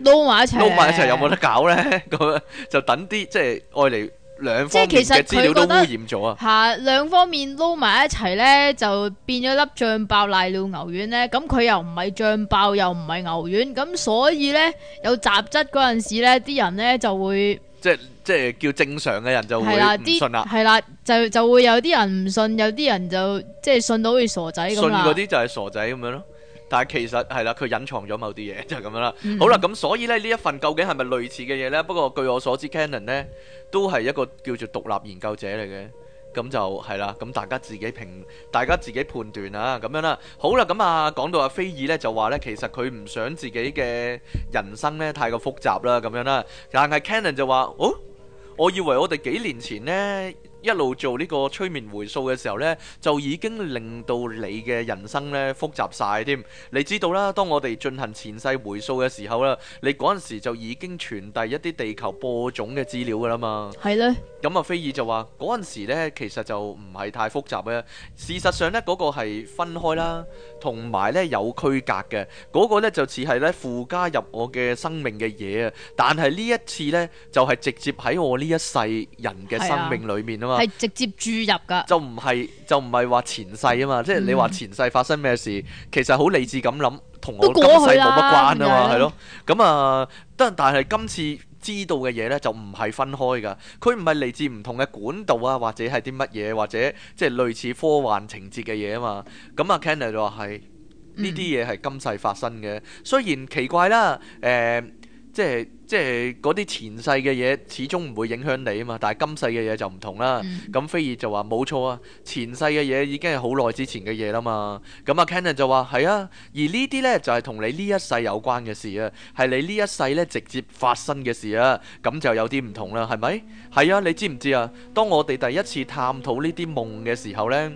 撈埋一齊，撈埋一齊有冇得搞咧？咁 樣就等啲即係愛嚟。就是即係其實佢覺得係兩方面撈埋、啊、一齊咧，就變咗粒醬爆瀨尿牛丸咧。咁佢又唔係醬爆，又唔係牛丸，咁所以咧有雜質嗰陣時咧，啲人咧就會即係即係叫正常嘅人就會唔、啊、信啦。係啦、啊，就就會有啲人唔信，有啲人就即係信到好似傻仔咁啦。信嗰啲就係傻仔咁樣咯。但係其實係啦，佢隱藏咗某啲嘢就係、是、咁樣啦。嗯、好啦，咁所以呢呢一份究竟係咪類似嘅嘢呢？不過據我所知，Canon 呢都係一個叫做獨立研究者嚟嘅，咁就係啦。咁大家自己評，大家自己判斷啊，咁樣啦。好啦，咁啊講到阿菲爾呢，就話呢，其實佢唔想自己嘅人生呢太過複雜啦，咁樣啦。但係 Canon 就話，哦，我以為我哋幾年前呢……」一路做呢個催眠回溯嘅時候咧，就已經令到你嘅人生咧複雜晒添。你知道啦，當我哋進行前世回溯嘅時候啦，你陣時就已經傳遞一啲地球播種嘅資料噶啦嘛。係咧。咁啊，菲爾就話陣時咧，其實就唔係太複雜啊，事實上咧，嗰個係分開啦，同埋咧有區隔嘅。嗰個咧就似係咧附加入我嘅生命嘅嘢啊。但係呢一次咧，就係直接喺我呢一世人嘅生命裏面咯。係直接注入噶，就唔係就唔係話前世啊嘛，即係你話前世發生咩事，其實好理智咁諗，同我今世冇乜關啊嘛，係咯，咁啊了，但但係今次知道嘅嘢呢，就唔係分開噶，佢唔係嚟自唔同嘅管道啊，或者係啲乜嘢，或者即係類似科幻情節嘅嘢啊嘛，咁啊 Kenner 就話係呢啲嘢係今世發生嘅，雖然奇怪啦，誒、呃。即係即係嗰啲前世嘅嘢，始終唔會影響你啊嘛。但係今世嘅嘢就唔同啦。咁飛爾就話冇錯啊，前世嘅嘢已經係好耐之前嘅嘢啦嘛。咁、嗯、啊 Cannon 就話係啊。而呢啲呢就係、是、同你呢一世有關嘅事啊，係你呢一世呢直接發生嘅事啊。咁就有啲唔同啦，係咪？係啊，你知唔知啊？當我哋第一次探討呢啲夢嘅時候呢。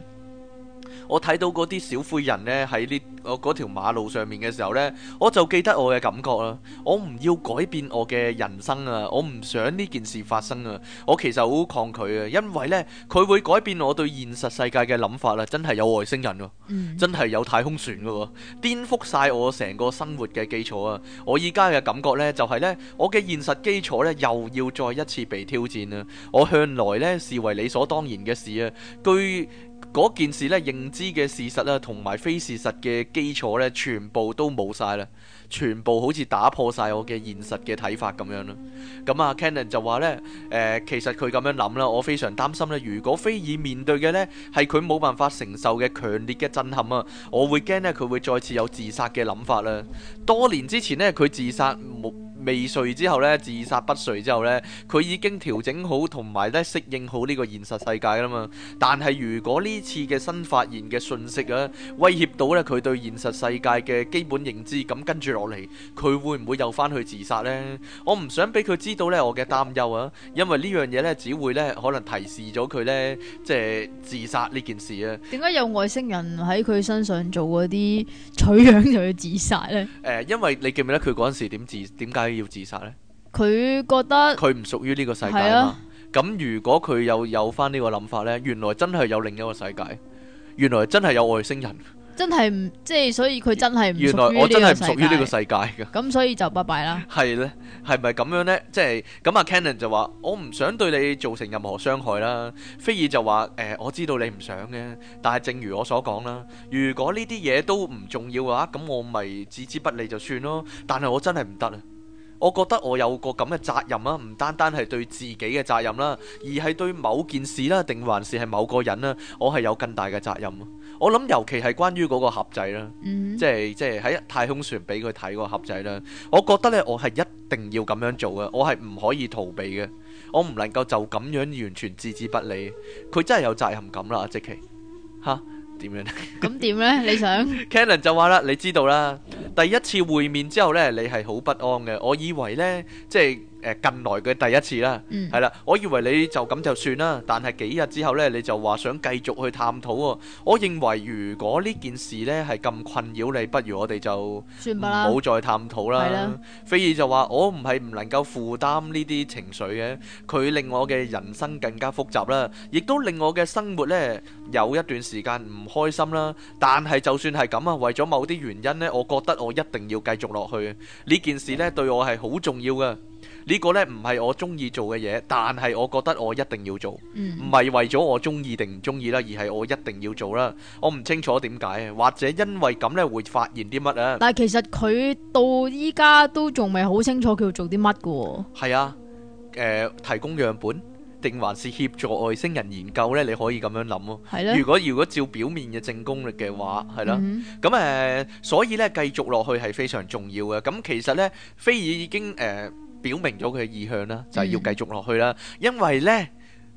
我睇到嗰啲小灰人呢，喺呢嗰條馬路上面嘅時候呢，我就記得我嘅感覺啦。我唔要改變我嘅人生啊，我唔想呢件事發生啊。我其實好抗拒啊，因為呢，佢會改變我對現實世界嘅諗法啦。真係有外星人，mm. 真係有太空船噶，顛覆晒我成個生活嘅基礎啊！我依家嘅感覺呢，就係、是、呢，我嘅現實基礎呢，又要再一次被挑戰啊！我向來呢，視為理所當然嘅事啊，居。嗰件事咧，認知嘅事實咧、啊，同埋非事實嘅基礎咧，全部都冇晒啦，全部好似打破晒我嘅現實嘅睇法咁樣咯。咁啊，Cannon 就話咧，誒、呃，其實佢咁樣諗啦，我非常擔心咧。如果菲爾面對嘅呢係佢冇辦法承受嘅強烈嘅震撼啊，我會驚咧佢會再次有自殺嘅諗法啦、啊。多年之前呢，佢自殺冇未遂之後呢，自殺不遂之後呢，佢已經調整好同埋咧適應好呢個現實世界啦嘛。但係如果呢次嘅新發現嘅信息啊，威脅到咧佢對現實世界嘅基本認知，咁跟住落嚟，佢會唔會又翻去自殺呢？我唔想俾佢知道呢，我嘅擔憂啊，因為呢樣嘢呢，只會呢可能提示咗佢呢，即係自殺呢件事啊。點解有外星人喺佢身上做嗰啲取樣就要自殺呢？誒、欸，因為你記唔記得佢嗰陣時點自點解？要自殺咧？佢覺得佢唔屬於呢個世界啦。咁如果佢又有翻呢個諗法咧，原來真係有另一個世界，原來真係有外星人，真係唔，即係，所以佢真係唔。原來我真係唔屬於呢個世界噶。咁所以就拜拜啦。係咧，係咪咁樣咧？即係咁啊，Cannon 就話我唔想對你造成任何傷害啦。菲爾就話誒，我知道你唔想嘅，但係正如我所講啦，如果呢啲嘢，都唔重要嘅話，咁我咪置之不理就算咯。但係我真係唔得啊。我覺得我有個咁嘅責任啦，唔單單係對自己嘅責任啦，而係對某件事啦，定還是係某個人啦，我係有更大嘅責任。我諗尤其係關於嗰個盒仔啦、mm hmm.，即係即係喺太空船俾佢睇嗰個盒仔啦，我覺得呢，我係一定要咁樣做嘅，我係唔可以逃避嘅，我唔能夠就咁樣完全置之不理。佢真係有責任感啦，即其嚇。Hmm. 啊。咁點 呢？你想？Cannon 就話啦，你知道啦，第一次會面之後呢，你係好不安嘅。我以為呢，即係誒、呃、近來嘅第一次啦，係啦、嗯。我以為你就咁就算啦。但係幾日之後呢，你就話想繼續去探討喎、哦。我認為如果呢件事呢係咁困擾你，不如我哋就冇再探討啦。菲爾的就話：我唔係唔能夠負擔呢啲情緒嘅，佢令我嘅人生更加複雜啦，亦都令我嘅生活呢。」有一段時間唔開心啦，但係就算係咁啊，為咗某啲原因咧，我覺得我一定要繼續落去呢件事咧，對我係好重要噶。呢個咧唔係我中意做嘅嘢，但係我覺得我一定要做，唔係為咗我中意定唔中意啦，而係我一定要做啦。我唔清楚點解，或者因為咁咧會發現啲乜啊？但係其實佢到依家都仲未好清楚佢要做啲乜噶。係啊，誒，提供樣本。定還是協助外星人研究呢？你可以咁樣諗咯、哦。是的 如果如果照表面嘅正功力嘅話，係咯。咁誒、mm hmm. 嗯，所以呢，繼續落去係非常重要嘅。咁其實呢，菲爾已經誒、呃、表明咗佢嘅意向啦，就係、是、要繼續落去啦。Mm hmm. 因為呢，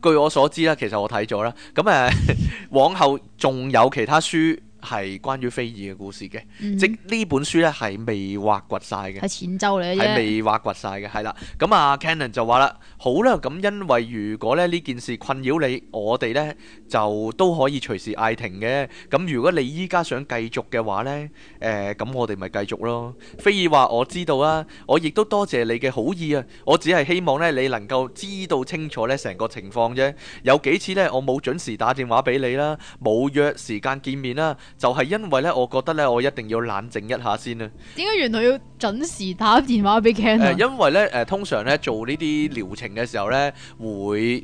據我所知啦，其實我睇咗啦。咁、嗯、誒、嗯，往後仲有其他書。 係關於飛爾嘅故事嘅，mm hmm. 即呢本書咧係未挖掘晒嘅。係未挖掘晒嘅，係啦。咁啊 Cannon 就話啦：好啦，咁因為如果咧呢件事困擾你，我哋呢就都可以隨時嗌停嘅。咁如果你依家想繼續嘅話呢，誒咁我哋咪繼續咯。飛爾話：呃、我，我知道啦，我亦都多謝，謝你嘅好意啊。我只係希望呢，你能夠知道清楚呢成個情況啫。有幾次呢，我冇準時打電話俾你啦，冇約時間見面啦。就係因為咧，我覺得咧，我一定要冷靜一下先啦。點解原來要準時打電話俾 Ken？呃，因為咧，誒，呃，通常咧做呢啲療程嘅時候咧，會，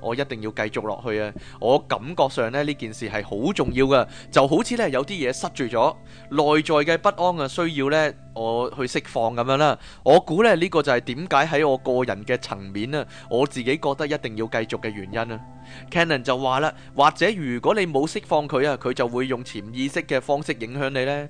我一定要繼續落去啊！我感覺上咧呢件事係好重要㗎，就好似咧有啲嘢塞住咗，內在嘅不安啊，需要咧我去釋放咁樣啦。我估咧呢個就係點解喺我個人嘅層面啊，我自己覺得一定要繼續嘅原因啦。Cannon 就話啦，或者如果你冇釋放佢啊，佢就會用潛意識嘅方式影響你呢。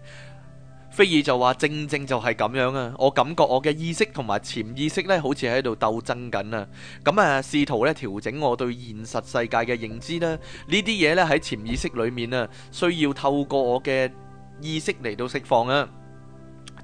菲爾就話：正正就係咁樣啊！我感覺我嘅意識同埋潛意識咧，好似喺度鬥爭緊啊！咁啊，試圖咧調整我對現實世界嘅認知啦。呢啲嘢咧喺潛意識裡面啊，需要透過我嘅意識嚟到釋放啊！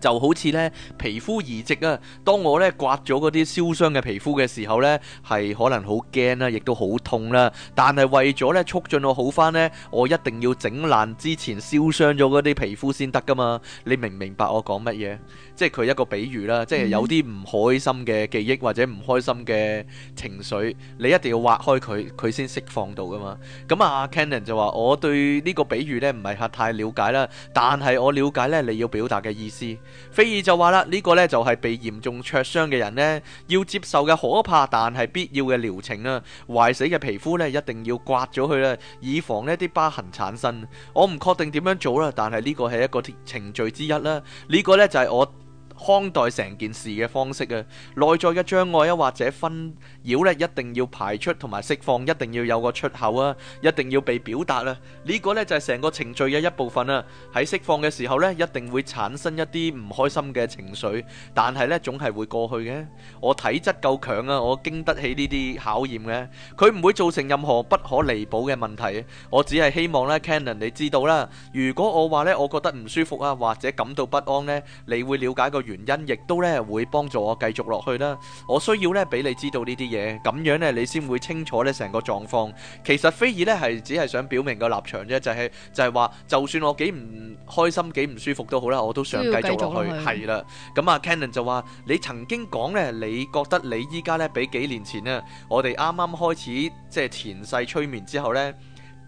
就好似咧皮膚移植啊！當我咧刮咗嗰啲燒傷嘅皮膚嘅時候咧，係可能好驚啦，亦都好痛啦、啊。但係為咗咧促進我好翻呢，我一定要整爛之前燒傷咗嗰啲皮膚先得噶嘛。你明唔明白我講乜嘢？即係佢一個比喻啦，嗯、即係有啲唔開心嘅記憶或者唔開心嘅情緒，你一定要挖開佢，佢先釋放到噶嘛。咁啊 Cannon 就話：我對呢個比喻咧唔係太了解啦，但係我了解咧你要表達嘅意思。菲爾就話啦，呢個呢就係被嚴重灼傷嘅人呢，要接受嘅可怕但係必要嘅療程啊！壞死嘅皮膚呢一定要刮咗佢啦，以防呢啲疤痕產生。我唔確定點樣做啦，但係呢個係一個程序之一啦。呢個呢就係我看待成件事嘅方式啊，內在嘅障礙啊或者紛擾咧，一定要排出同埋釋放，一定要有個出口啊，一定要被表達啊，呢個咧就係成個程序嘅一部分啊。喺釋放嘅時候咧，一定會產生一啲唔開心嘅情緒，但係咧總係會過去嘅。我體質夠強啊，我經得起呢啲考驗嘅。佢唔會造成任何不可彌補嘅問題。我只係希望咧，Cannon，你知道啦。如果我話咧，我覺得唔舒服啊，或者感到不安咧，你會了解個。原因亦都咧會幫助我繼續落去啦。我需要咧俾你知道呢啲嘢，咁樣咧你先會清楚咧成個狀況。其實菲爾咧係只係想表明個立場啫，就係、就係話，就算我幾唔開心、幾唔舒服都好啦，我都想繼續落去。係啦，咁啊 Cannon 就話：你曾經講咧，你覺得你依家咧比幾年前呢，我哋啱啱開始即係前世催眠之後咧。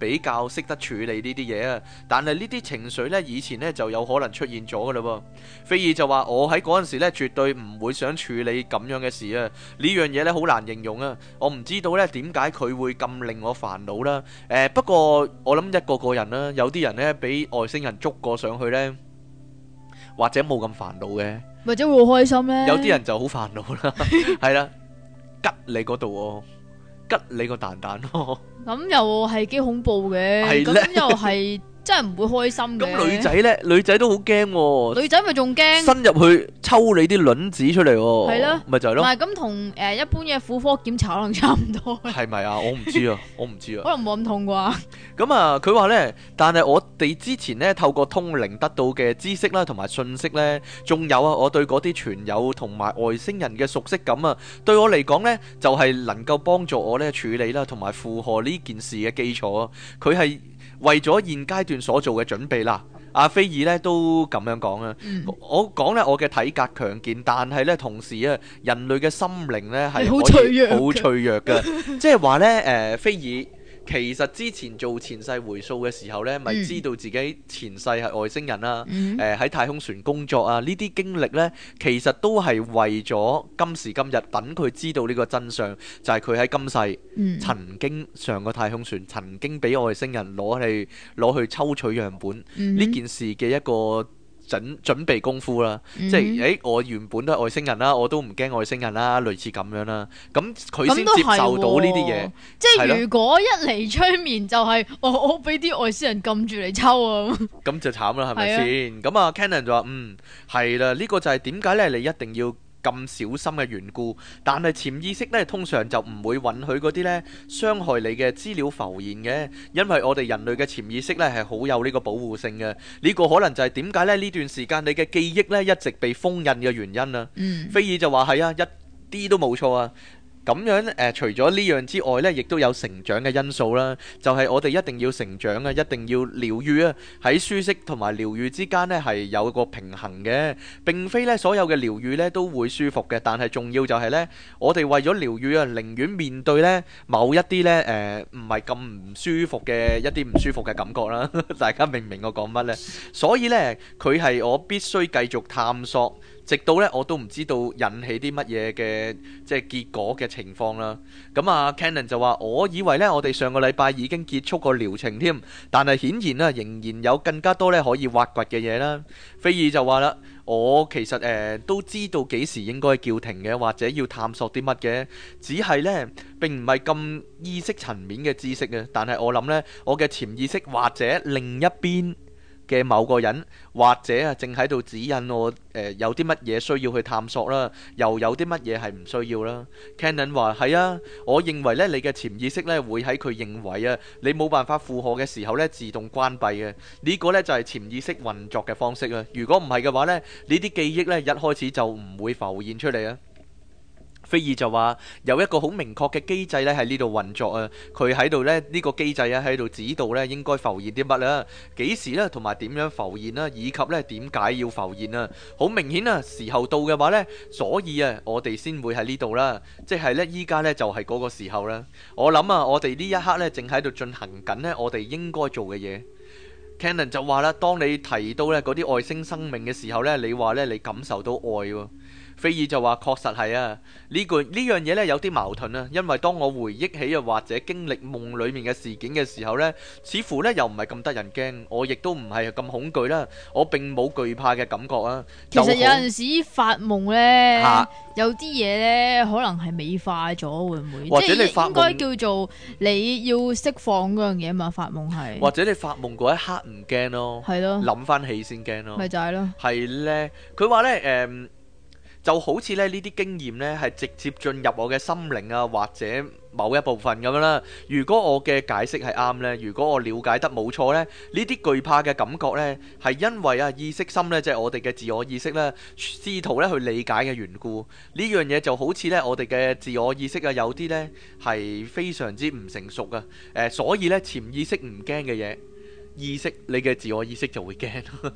比較識得處理呢啲嘢啊，但係呢啲情緒咧，以前咧就有可能出現咗噶啦。菲爾就話：我喺嗰陣時咧，絕對唔會想處理咁樣嘅事啊。呢樣嘢咧好難形容啊，我唔知道咧點解佢會咁令我煩惱啦。誒，不過我諗一個個人啦，有啲人咧俾外星人捉過上去咧，或者冇咁煩惱嘅，或者會開心咩？有啲人就好煩惱啦，係啦，吉你嗰度哦。吉你個蛋蛋咯，哦嗯，咁又係幾恐怖嘅。咁呢、嗯、又係。 真係唔會開心嘅。咁女仔咧，女仔都好驚喎。女仔咪仲驚，伸入去抽你啲卵子出嚟喎。係咯，咪就係咯。唔係咁同，誒一般嘅婦科檢查可能差唔多。係咪啊？我唔知啊，我唔知啊。可能冇咁痛啩？咁啊，佢話咧，但係我哋之前咧透過通靈得到嘅知識啦，同埋信息咧，仲有啊，我對嗰啲全友同埋外星人嘅熟悉感啊，對我嚟講咧，就係能夠幫助我咧處理啦，同埋負荷呢件事嘅基礎啊。佢係。為咗現階段所做嘅準備啦，阿菲爾咧都咁樣講啊、嗯！我講咧我嘅體格強健，但係咧同時啊人類嘅心靈咧係好脆弱好脆弱嘅，即係話咧誒菲爾。其實之前做前世回溯嘅時候呢，咪、嗯、知道自己前世係外星人啦、啊，誒喺、嗯呃、太空船工作啊，呢啲經歷呢，其實都係為咗今時今日等佢知道呢個真相，就係佢喺今世曾經、嗯、上個太空船，曾經俾外星人攞去攞去抽取樣本呢、嗯、件事嘅一個。準準備功夫啦，即係誒、欸，我原本都係外星人啦，我都唔驚外星人啦，類似咁樣啦，咁佢先接受到呢啲嘢。即係、嗯、的如果一嚟催眠就係、是、我我俾啲外星人撳住嚟抽啊，咁就慘啦，係咪先？咁啊，Cannon 就話嗯係啦，呢、這個就係點解咧？你一定要咁小心嘅緣故，但係潛意識呢，通常就唔會允許嗰啲呢傷害你嘅資料浮現嘅，因為我哋人類嘅潛意識呢，係好有呢個保護性嘅，呢個可能就係點解呢？呢段時間你嘅記憶呢，一直被封印嘅原因啊。菲爾、嗯、就話係啊，一啲都冇錯啊。咁樣誒，除咗呢樣之外呢，亦都有成長嘅因素啦。就係我哋一定要成長啊，一定要療愈啊。喺舒適同埋療愈之間呢，係有個平衡嘅。並非呢所有嘅療愈呢都會舒服嘅，但係重要就係呢，我哋為咗療愈啊，寧願面對呢某一啲呢誒唔係咁唔舒服嘅一啲唔舒服嘅感覺啦。大家明唔明我講乜呢？所以呢，佢係我必須繼續探索。直到咧我都唔知道引起啲乜嘢嘅即係結果嘅情況啦。咁啊，Cannon 就話，我以為咧我哋上個禮拜已經結束過療程添，但係顯然啊，仍然有更加多咧可以挖掘嘅嘢啦。Phil 就話啦：我其實誒、呃、都知道幾時應該叫停嘅，或者要探索啲乜嘅，只係咧並唔係咁意識層面嘅知識啊。但係我諗咧我嘅潛意識或者另一邊嘅某個人，或者啊，正喺度指引我，誒、呃、有啲乜嘢需要去探索啦，又有啲乜嘢係唔需要啦。Cannon 話係啊，我認為咧，你嘅潛意識咧會喺佢認為啊，你冇辦法負荷嘅時候咧，自動關閉嘅。呢、呢個咧就係潛意識運作嘅方式啊。如果唔係嘅話咧，呢啲記憶咧一開始就唔會浮現出嚟啊。菲爾就話有一個好明確嘅機制咧喺呢度運作啊，佢喺度咧呢個機制咧喺度指導咧應該浮現啲乜啦，幾時啦，同埋點樣浮現啦，以及咧點解要浮現啊。好明顯啊，時候到嘅話咧，所以啊，我哋先會喺呢度啦，即係咧依家咧就係嗰個時候啦。我諗啊，我哋呢一刻咧正喺度進行緊咧，我哋應該做嘅嘢。Cannon 就話啦，當你提到咧嗰啲外星生命嘅時候咧，你話咧你感受到愛喎。菲爾就話：確實係啊，呢個呢樣嘢咧有啲矛盾啊。因為當我回憶起又或者經歷夢裏面嘅事件嘅時候咧，似乎咧又唔係咁得人驚，我亦都唔係咁恐懼啦。我並冇懼怕嘅感覺啊。其實有陣時發夢咧，有啲嘢咧可能係美化咗，會唔會？或者你發夢，即係應該叫做你要釋放嗰樣嘢嘛？發夢係，或者你發夢嗰一刻唔驚咯，係咯，諗翻起先驚咯，咪就係咯，係咧。佢話咧，誒。就好似咧呢啲經驗咧，係直接進入我嘅心靈啊，或者某一部分咁樣啦。如果我嘅解釋係啱呢，如果我了解得冇錯呢，呢啲懼怕嘅感覺呢，係因為啊意識心呢，即係我哋嘅自我意識呢，試圖咧去理解嘅緣故。呢樣嘢就好似呢，我哋嘅自我意識啊，有啲呢係非常之唔成熟啊。所以呢潛意識唔驚嘅嘢，意識你嘅自我意識就會驚，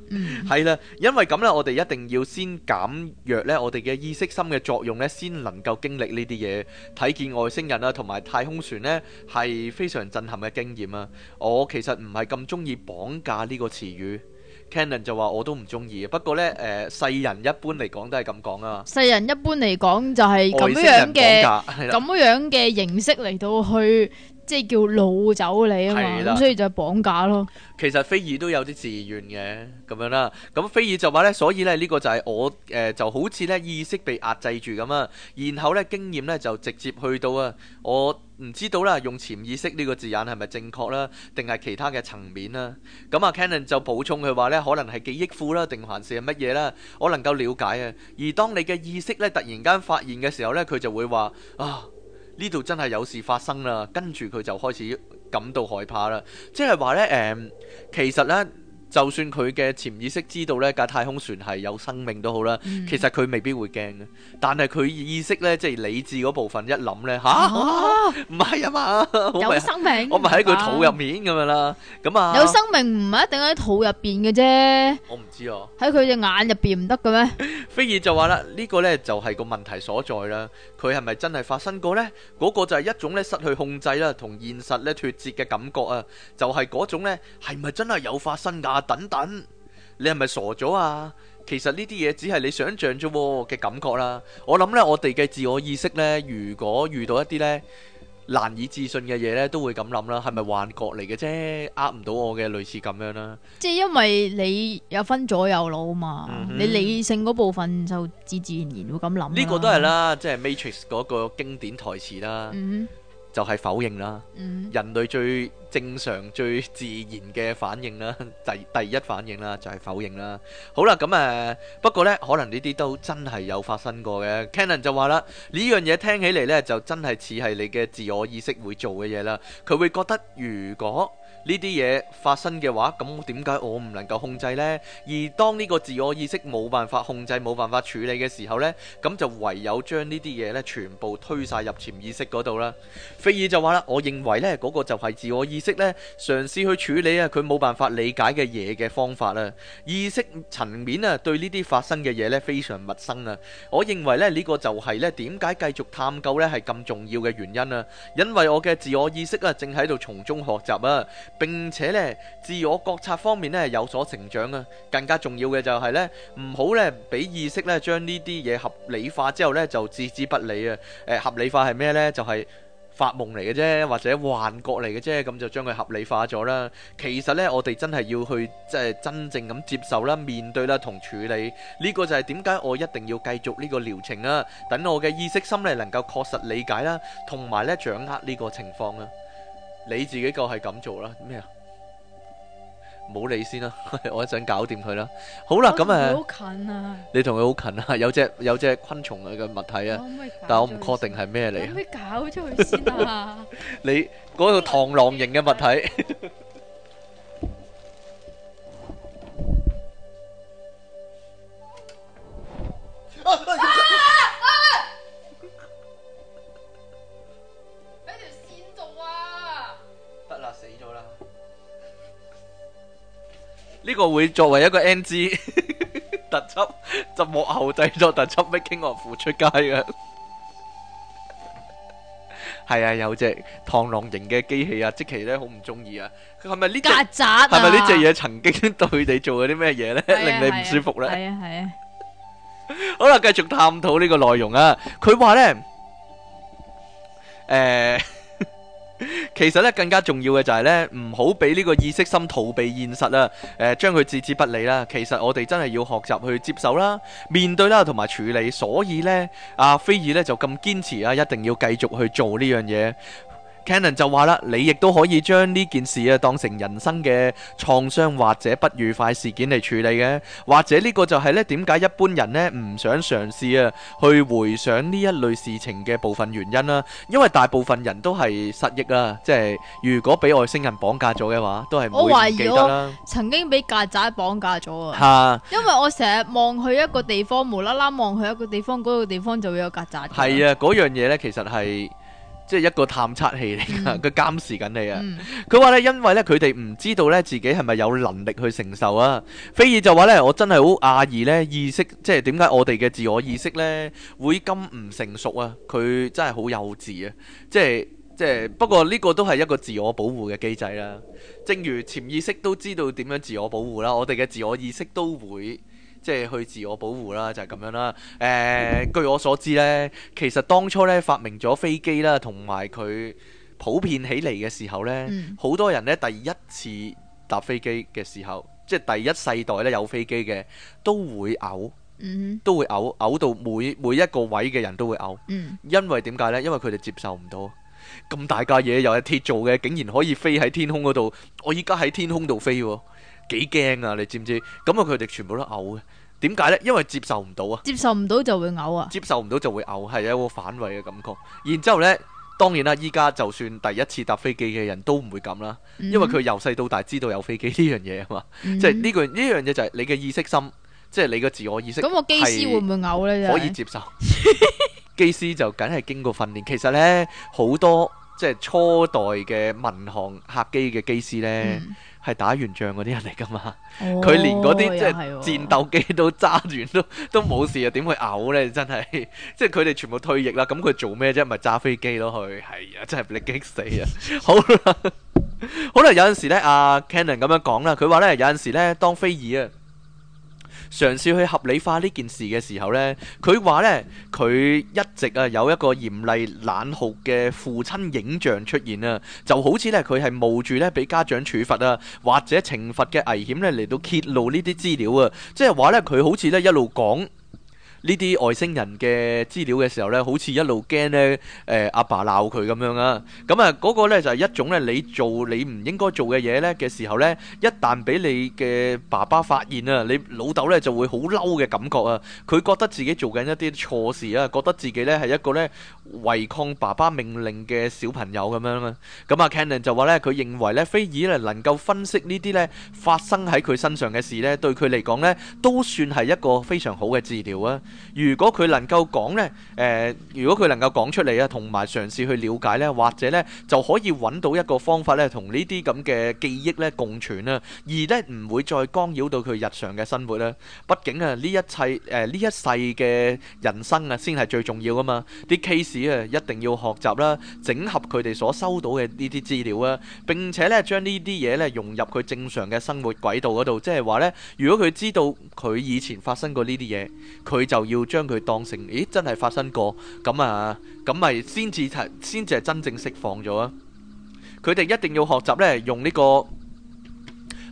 嗯，係啦， 因為咁呢，我哋一定要先減弱呢，我哋嘅意識心嘅作用呢，先能夠經歷呢啲嘢，睇見外星人啊，同埋太空船呢，係非常震撼嘅經驗啊！我其實唔係咁中意綁架呢個詞語，Cannon 就話我都唔中意，不過呢，誒、呃、世人一般嚟講都係咁講啊嘛。世人一般嚟講就係外星人綁架，咁樣嘅形式嚟到去。即係叫攞走你啊嘛，咁的、嗯、所以就係綁架咯。其實菲爾都有啲自願嘅咁樣啦。咁菲爾就話呢，所以呢，呢個就係我誒、呃、就好似呢意識被壓制住咁啊。然後呢，經驗呢就直接去到啊，我唔知道啦。用潛意識呢個字眼係咪正確啦？定係其他嘅層面啦。咁啊，Cannon 就補充佢話呢，可能係記憶庫啦，定還是係乜嘢啦？我能夠了解啊。而當你嘅意識呢突然間發現嘅時候呢，佢就會話啊。呢度真係有事發生啦，跟住佢就開始感到害怕啦，即係話呢誒，其實呢。就算佢嘅潛意識知道呢架太空船係有生命都好啦，其實佢未必會驚嘅。但係佢意識咧，即係理智嗰部分一諗咧吓，唔係啊嘛，有生命，我唔係喺佢肚入面咁樣啦。咁啊，有生命唔係一定喺肚入邊嘅啫。我唔知哦，喺佢隻眼入邊唔得嘅咩？菲爾就話啦，呢個咧就係個問題所在啦。佢係咪真係發生過咧？嗰個就係一種咧失去控制啦，同現實咧脫節嘅感覺啊。就係嗰種咧，係咪真係有發生㗎？等等，你係咪傻咗啊？其實呢啲嘢只係你想像啫喎嘅感覺啦。我諗呢，我哋嘅自我意識呢，如果遇到一啲呢難以置信嘅嘢呢，都會咁諗啦。係咪幻覺嚟嘅啫？呃唔到我嘅，類似咁樣啦。即係因為你有分左右腦啊嘛，嗯、哼你理性嗰部分就自自然然會咁諗。呢個都係啦，即係 Matrix 嗰個經典台詞啦。嗯就係否認啦，mm. 人類最正常、最自然嘅反應啦，第第一反應啦就係、是、否認啦。好啦，咁、嗯、誒不過呢，可能呢啲都真係有發生過嘅。Cannon 就話啦，呢樣嘢聽起嚟呢，就真係似係你嘅自我意識會做嘅嘢啦，佢會覺得如果。呢啲嘢發生嘅話，咁點解我唔能夠控制呢？而當呢個自我意識冇辦法控制、冇辦法處理嘅時候呢，咁就唯有將呢啲嘢呢，全部推晒入潛意識嗰度啦。菲爾就話啦：我認為呢嗰、嗰個就係自我意識呢，嘗試去處理啊佢冇辦法理解嘅嘢嘅方法啦。意識層面啊，對呢啲發生嘅嘢呢，非常陌生啊。我認為呢，呢、呢個就係呢點解繼續探究呢係咁重要嘅原因啊。因為我嘅自我意識啊正喺度從中學習啊。並且咧，自我覺察方面咧，有所成長啊！更加重要嘅就係咧，唔好咧，俾意識咧將呢啲嘢合理化之後咧就置之不理啊！誒，合理化係咩咧？就係發夢嚟嘅啫，或者幻覺嚟嘅啫，咁就將佢合理化咗啦。其實咧，我哋真係要去即係真正咁接受啦、面對啦、同處理。呢個就係點解我一定要繼續呢個療程啊，等我嘅意識心咧能夠確實理解啦，同埋咧掌握呢個情況啊！你自己個係咁做啦，咩啊？冇你先啦，我一陣搞掂佢啦。好啦，咁啊，你同佢好近啊，有隻、有隻昆蟲嘅物體啊，但係我唔確定係咩嚟。可以搞出去先啊！你嗰個螳螂型嘅物體。呢個會作為一個 NG 特輯，就幕後製作特輯 make《King 和夫》出街嘅。係啊，有隻螳螂型嘅機器啊，即其咧好唔中意啊。佢係咪呢隻？係咪呢隻嘢曾經對你做過啲咩嘢咧，令你唔舒服咧？係啊係啊。好啦，繼續探討呢個內容啊。佢話咧，誒。 其實咧更加重要嘅就係、是、咧，唔好俾呢個意識心逃避現實啊！誒、呃，將佢置之不理啦。其實我哋真係要學習去接受啦、面對啦同埋處理。所以呢，阿、啊、菲爾咧就咁堅持啊，一定要繼續去做呢樣嘢。Canon 就話啦，你亦都可以將呢件事啊當成人生嘅創傷或者不愉快事件嚟處理嘅，或者呢個就係咧點解一般人呢唔想嘗試啊去回想呢一類事情嘅部分原因啦，因為大部分人都係失憶啊，即係如果俾外星人綁架咗嘅話，都係唔會記得。我懷疑曾經俾曱甴綁架咗啊！嚇，因為我成日望去一個地方，無啦啦望去一個地方，嗰個地方就會有曱甴。係啊，嗰樣嘢呢，其實係。即係一個探測器嚟㗎，佢、嗯、監視緊你啊！佢話、嗯、呢，因為呢，佢哋唔知道呢，自己係咪有能力去承受啊。菲爾、嗯、就話呢，我真係好訝異呢意識，即係點解我哋嘅自我意識呢會咁唔成熟啊？佢真係好幼稚啊！即係即係，不過呢個都係一個自我保護嘅機制啦。正如潛意識都知道點樣自我保護啦，我哋嘅自我意識都會。即係去自我保護啦，就係、是、咁樣啦。誒、呃，據我所知呢，其實當初呢，發明咗飛機啦，同埋佢普遍起嚟嘅時候呢，好、嗯、多人呢第一次搭飛機嘅時候，即係第一世代呢有飛機嘅都會嘔，嗯、都會嘔嘔到每每一個位嘅人都會嘔。嗯、因為點解呢？因為佢哋接受唔到咁大架嘢，又係鐵做嘅，竟然可以飛喺天空嗰度。我依家喺天空度飛喎、啊。幾驚啊！你知唔知？咁啊，佢哋全部都嘔嘅。點解呢？因為接受唔到啊！接受唔到就會嘔啊！接受唔到就會嘔，係有一個反胃嘅感覺。然之後咧，當然啦，依家就算第一次搭飛機嘅人都唔會咁啦，因為佢由細到大知道有飛機呢樣嘢啊嘛。即係呢個呢樣嘢就係你嘅意識心，即係你嘅自我意識、嗯。咁個機師會唔會嘔呢？可以接受， 機師就梗係經過訓練。其實呢，好多即係初代嘅民航客機嘅機師呢。嗯係打完仗嗰啲人嚟㗎嘛？佢、哦、連嗰啲、哦、即係戰鬥機都揸完都都冇事啊？點會嘔呢？真係，即係佢哋全部退役啦。咁佢做咩啫？咪、就、揸、是、飛機咯？佢係、哎、 啊，真係俾你激死啊！好啦，好啦，有陣時呢，阿 Cannon 咁樣講啦，佢話呢，有陣時呢，當飛耳啊。嘗試去合理化呢件事嘅時候呢，佢話呢，佢一直啊有一個嚴厲冷酷嘅父親影像出現啊，就好似呢，佢係冒住呢俾家長處罰啊或者懲罰嘅危險呢嚟到揭露呢啲資料啊，即係話呢，佢好似呢一路講呢啲外星人嘅資料嘅時候呢，好似一路驚呢誒阿爸鬧佢咁樣啊！咁啊，嗰個呢就係一種呢，你做你唔應該做嘅嘢呢嘅時候呢，一旦俾你嘅爸爸發現啊，你老豆呢就會好嬲嘅感覺啊！佢覺得自己做緊一啲錯事啊，覺得自己呢係一個呢違抗爸爸命令嘅小朋友咁樣啊！咁啊，Cannon 就話呢，佢認為呢菲爾呢能夠分析呢啲呢發生喺佢身上嘅事呢，對佢嚟講呢，都算係一個非常好嘅治療啊！如果佢能夠講呢，誒、呃，如果佢能夠講出嚟啊，同埋嘗試去了解呢，或者呢，就可以揾到一個方法呢，同呢啲咁嘅記憶呢共存啦，而呢，唔會再干擾到佢日常嘅生活啦。畢竟啊，呢一切誒呢、呃、一世嘅人生啊，先係最重要啊嘛。啲 case 啊，一定要學習啦，整合佢哋所收到嘅呢啲資料啊，並且呢，將呢啲嘢呢融入佢正常嘅生活軌道嗰度，即係話呢，如果佢知道佢以前發生過呢啲嘢，佢就要將佢當成，咦，真係發生過咁啊，咁咪先至係，先至係真正釋放咗啊！佢哋一定要學習咧，用呢個。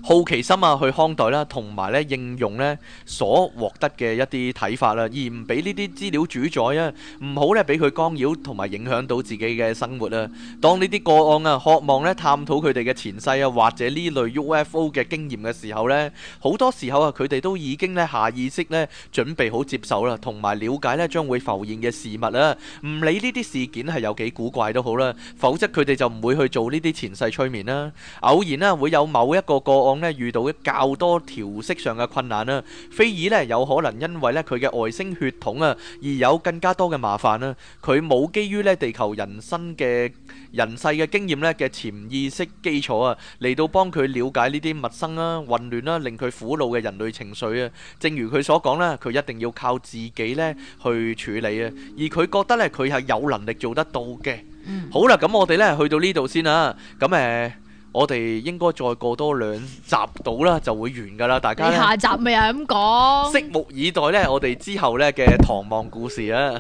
好奇心啊，去看待啦，同埋咧應用咧所獲得嘅一啲睇法啦，而唔俾呢啲資料主宰啊，唔好咧俾佢干擾同埋影響到自己嘅生活啊。當呢啲個案啊，渴望咧探討佢哋嘅前世啊，或者呢類 UFO 嘅經驗嘅時候咧，好多時候啊，佢哋都已經咧下意識咧準備好接受啦，同埋了解咧將會浮現嘅事物啦。唔理呢啲事件係有幾古怪都好啦，否則佢哋就唔會去做呢啲前世催眠啦。偶然啦會有某一個個案。咧遇到嘅較多調色上嘅困難啦，菲爾咧有可能因為咧佢嘅外星血統啊，而有更加多嘅麻煩啦。佢冇基於咧地球人生嘅人世嘅經驗咧嘅潛意識基礎啊，嚟到幫佢了解呢啲陌生啦、混亂啦，令佢苦惱嘅人類情緒啊。正如佢所講啦，佢一定要靠自己咧去處理啊。而佢覺得咧，佢係有能力做得到嘅。嗯。好啦，咁我哋咧去到呢度先啦。咁誒。我哋應該再過多兩集到啦，就會完㗎啦。大家下集咪又咁講？拭目以待呢。我哋之後呢嘅唐望故事啊。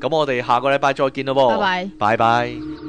咁我哋下個禮拜再見咯噃。拜拜。拜拜。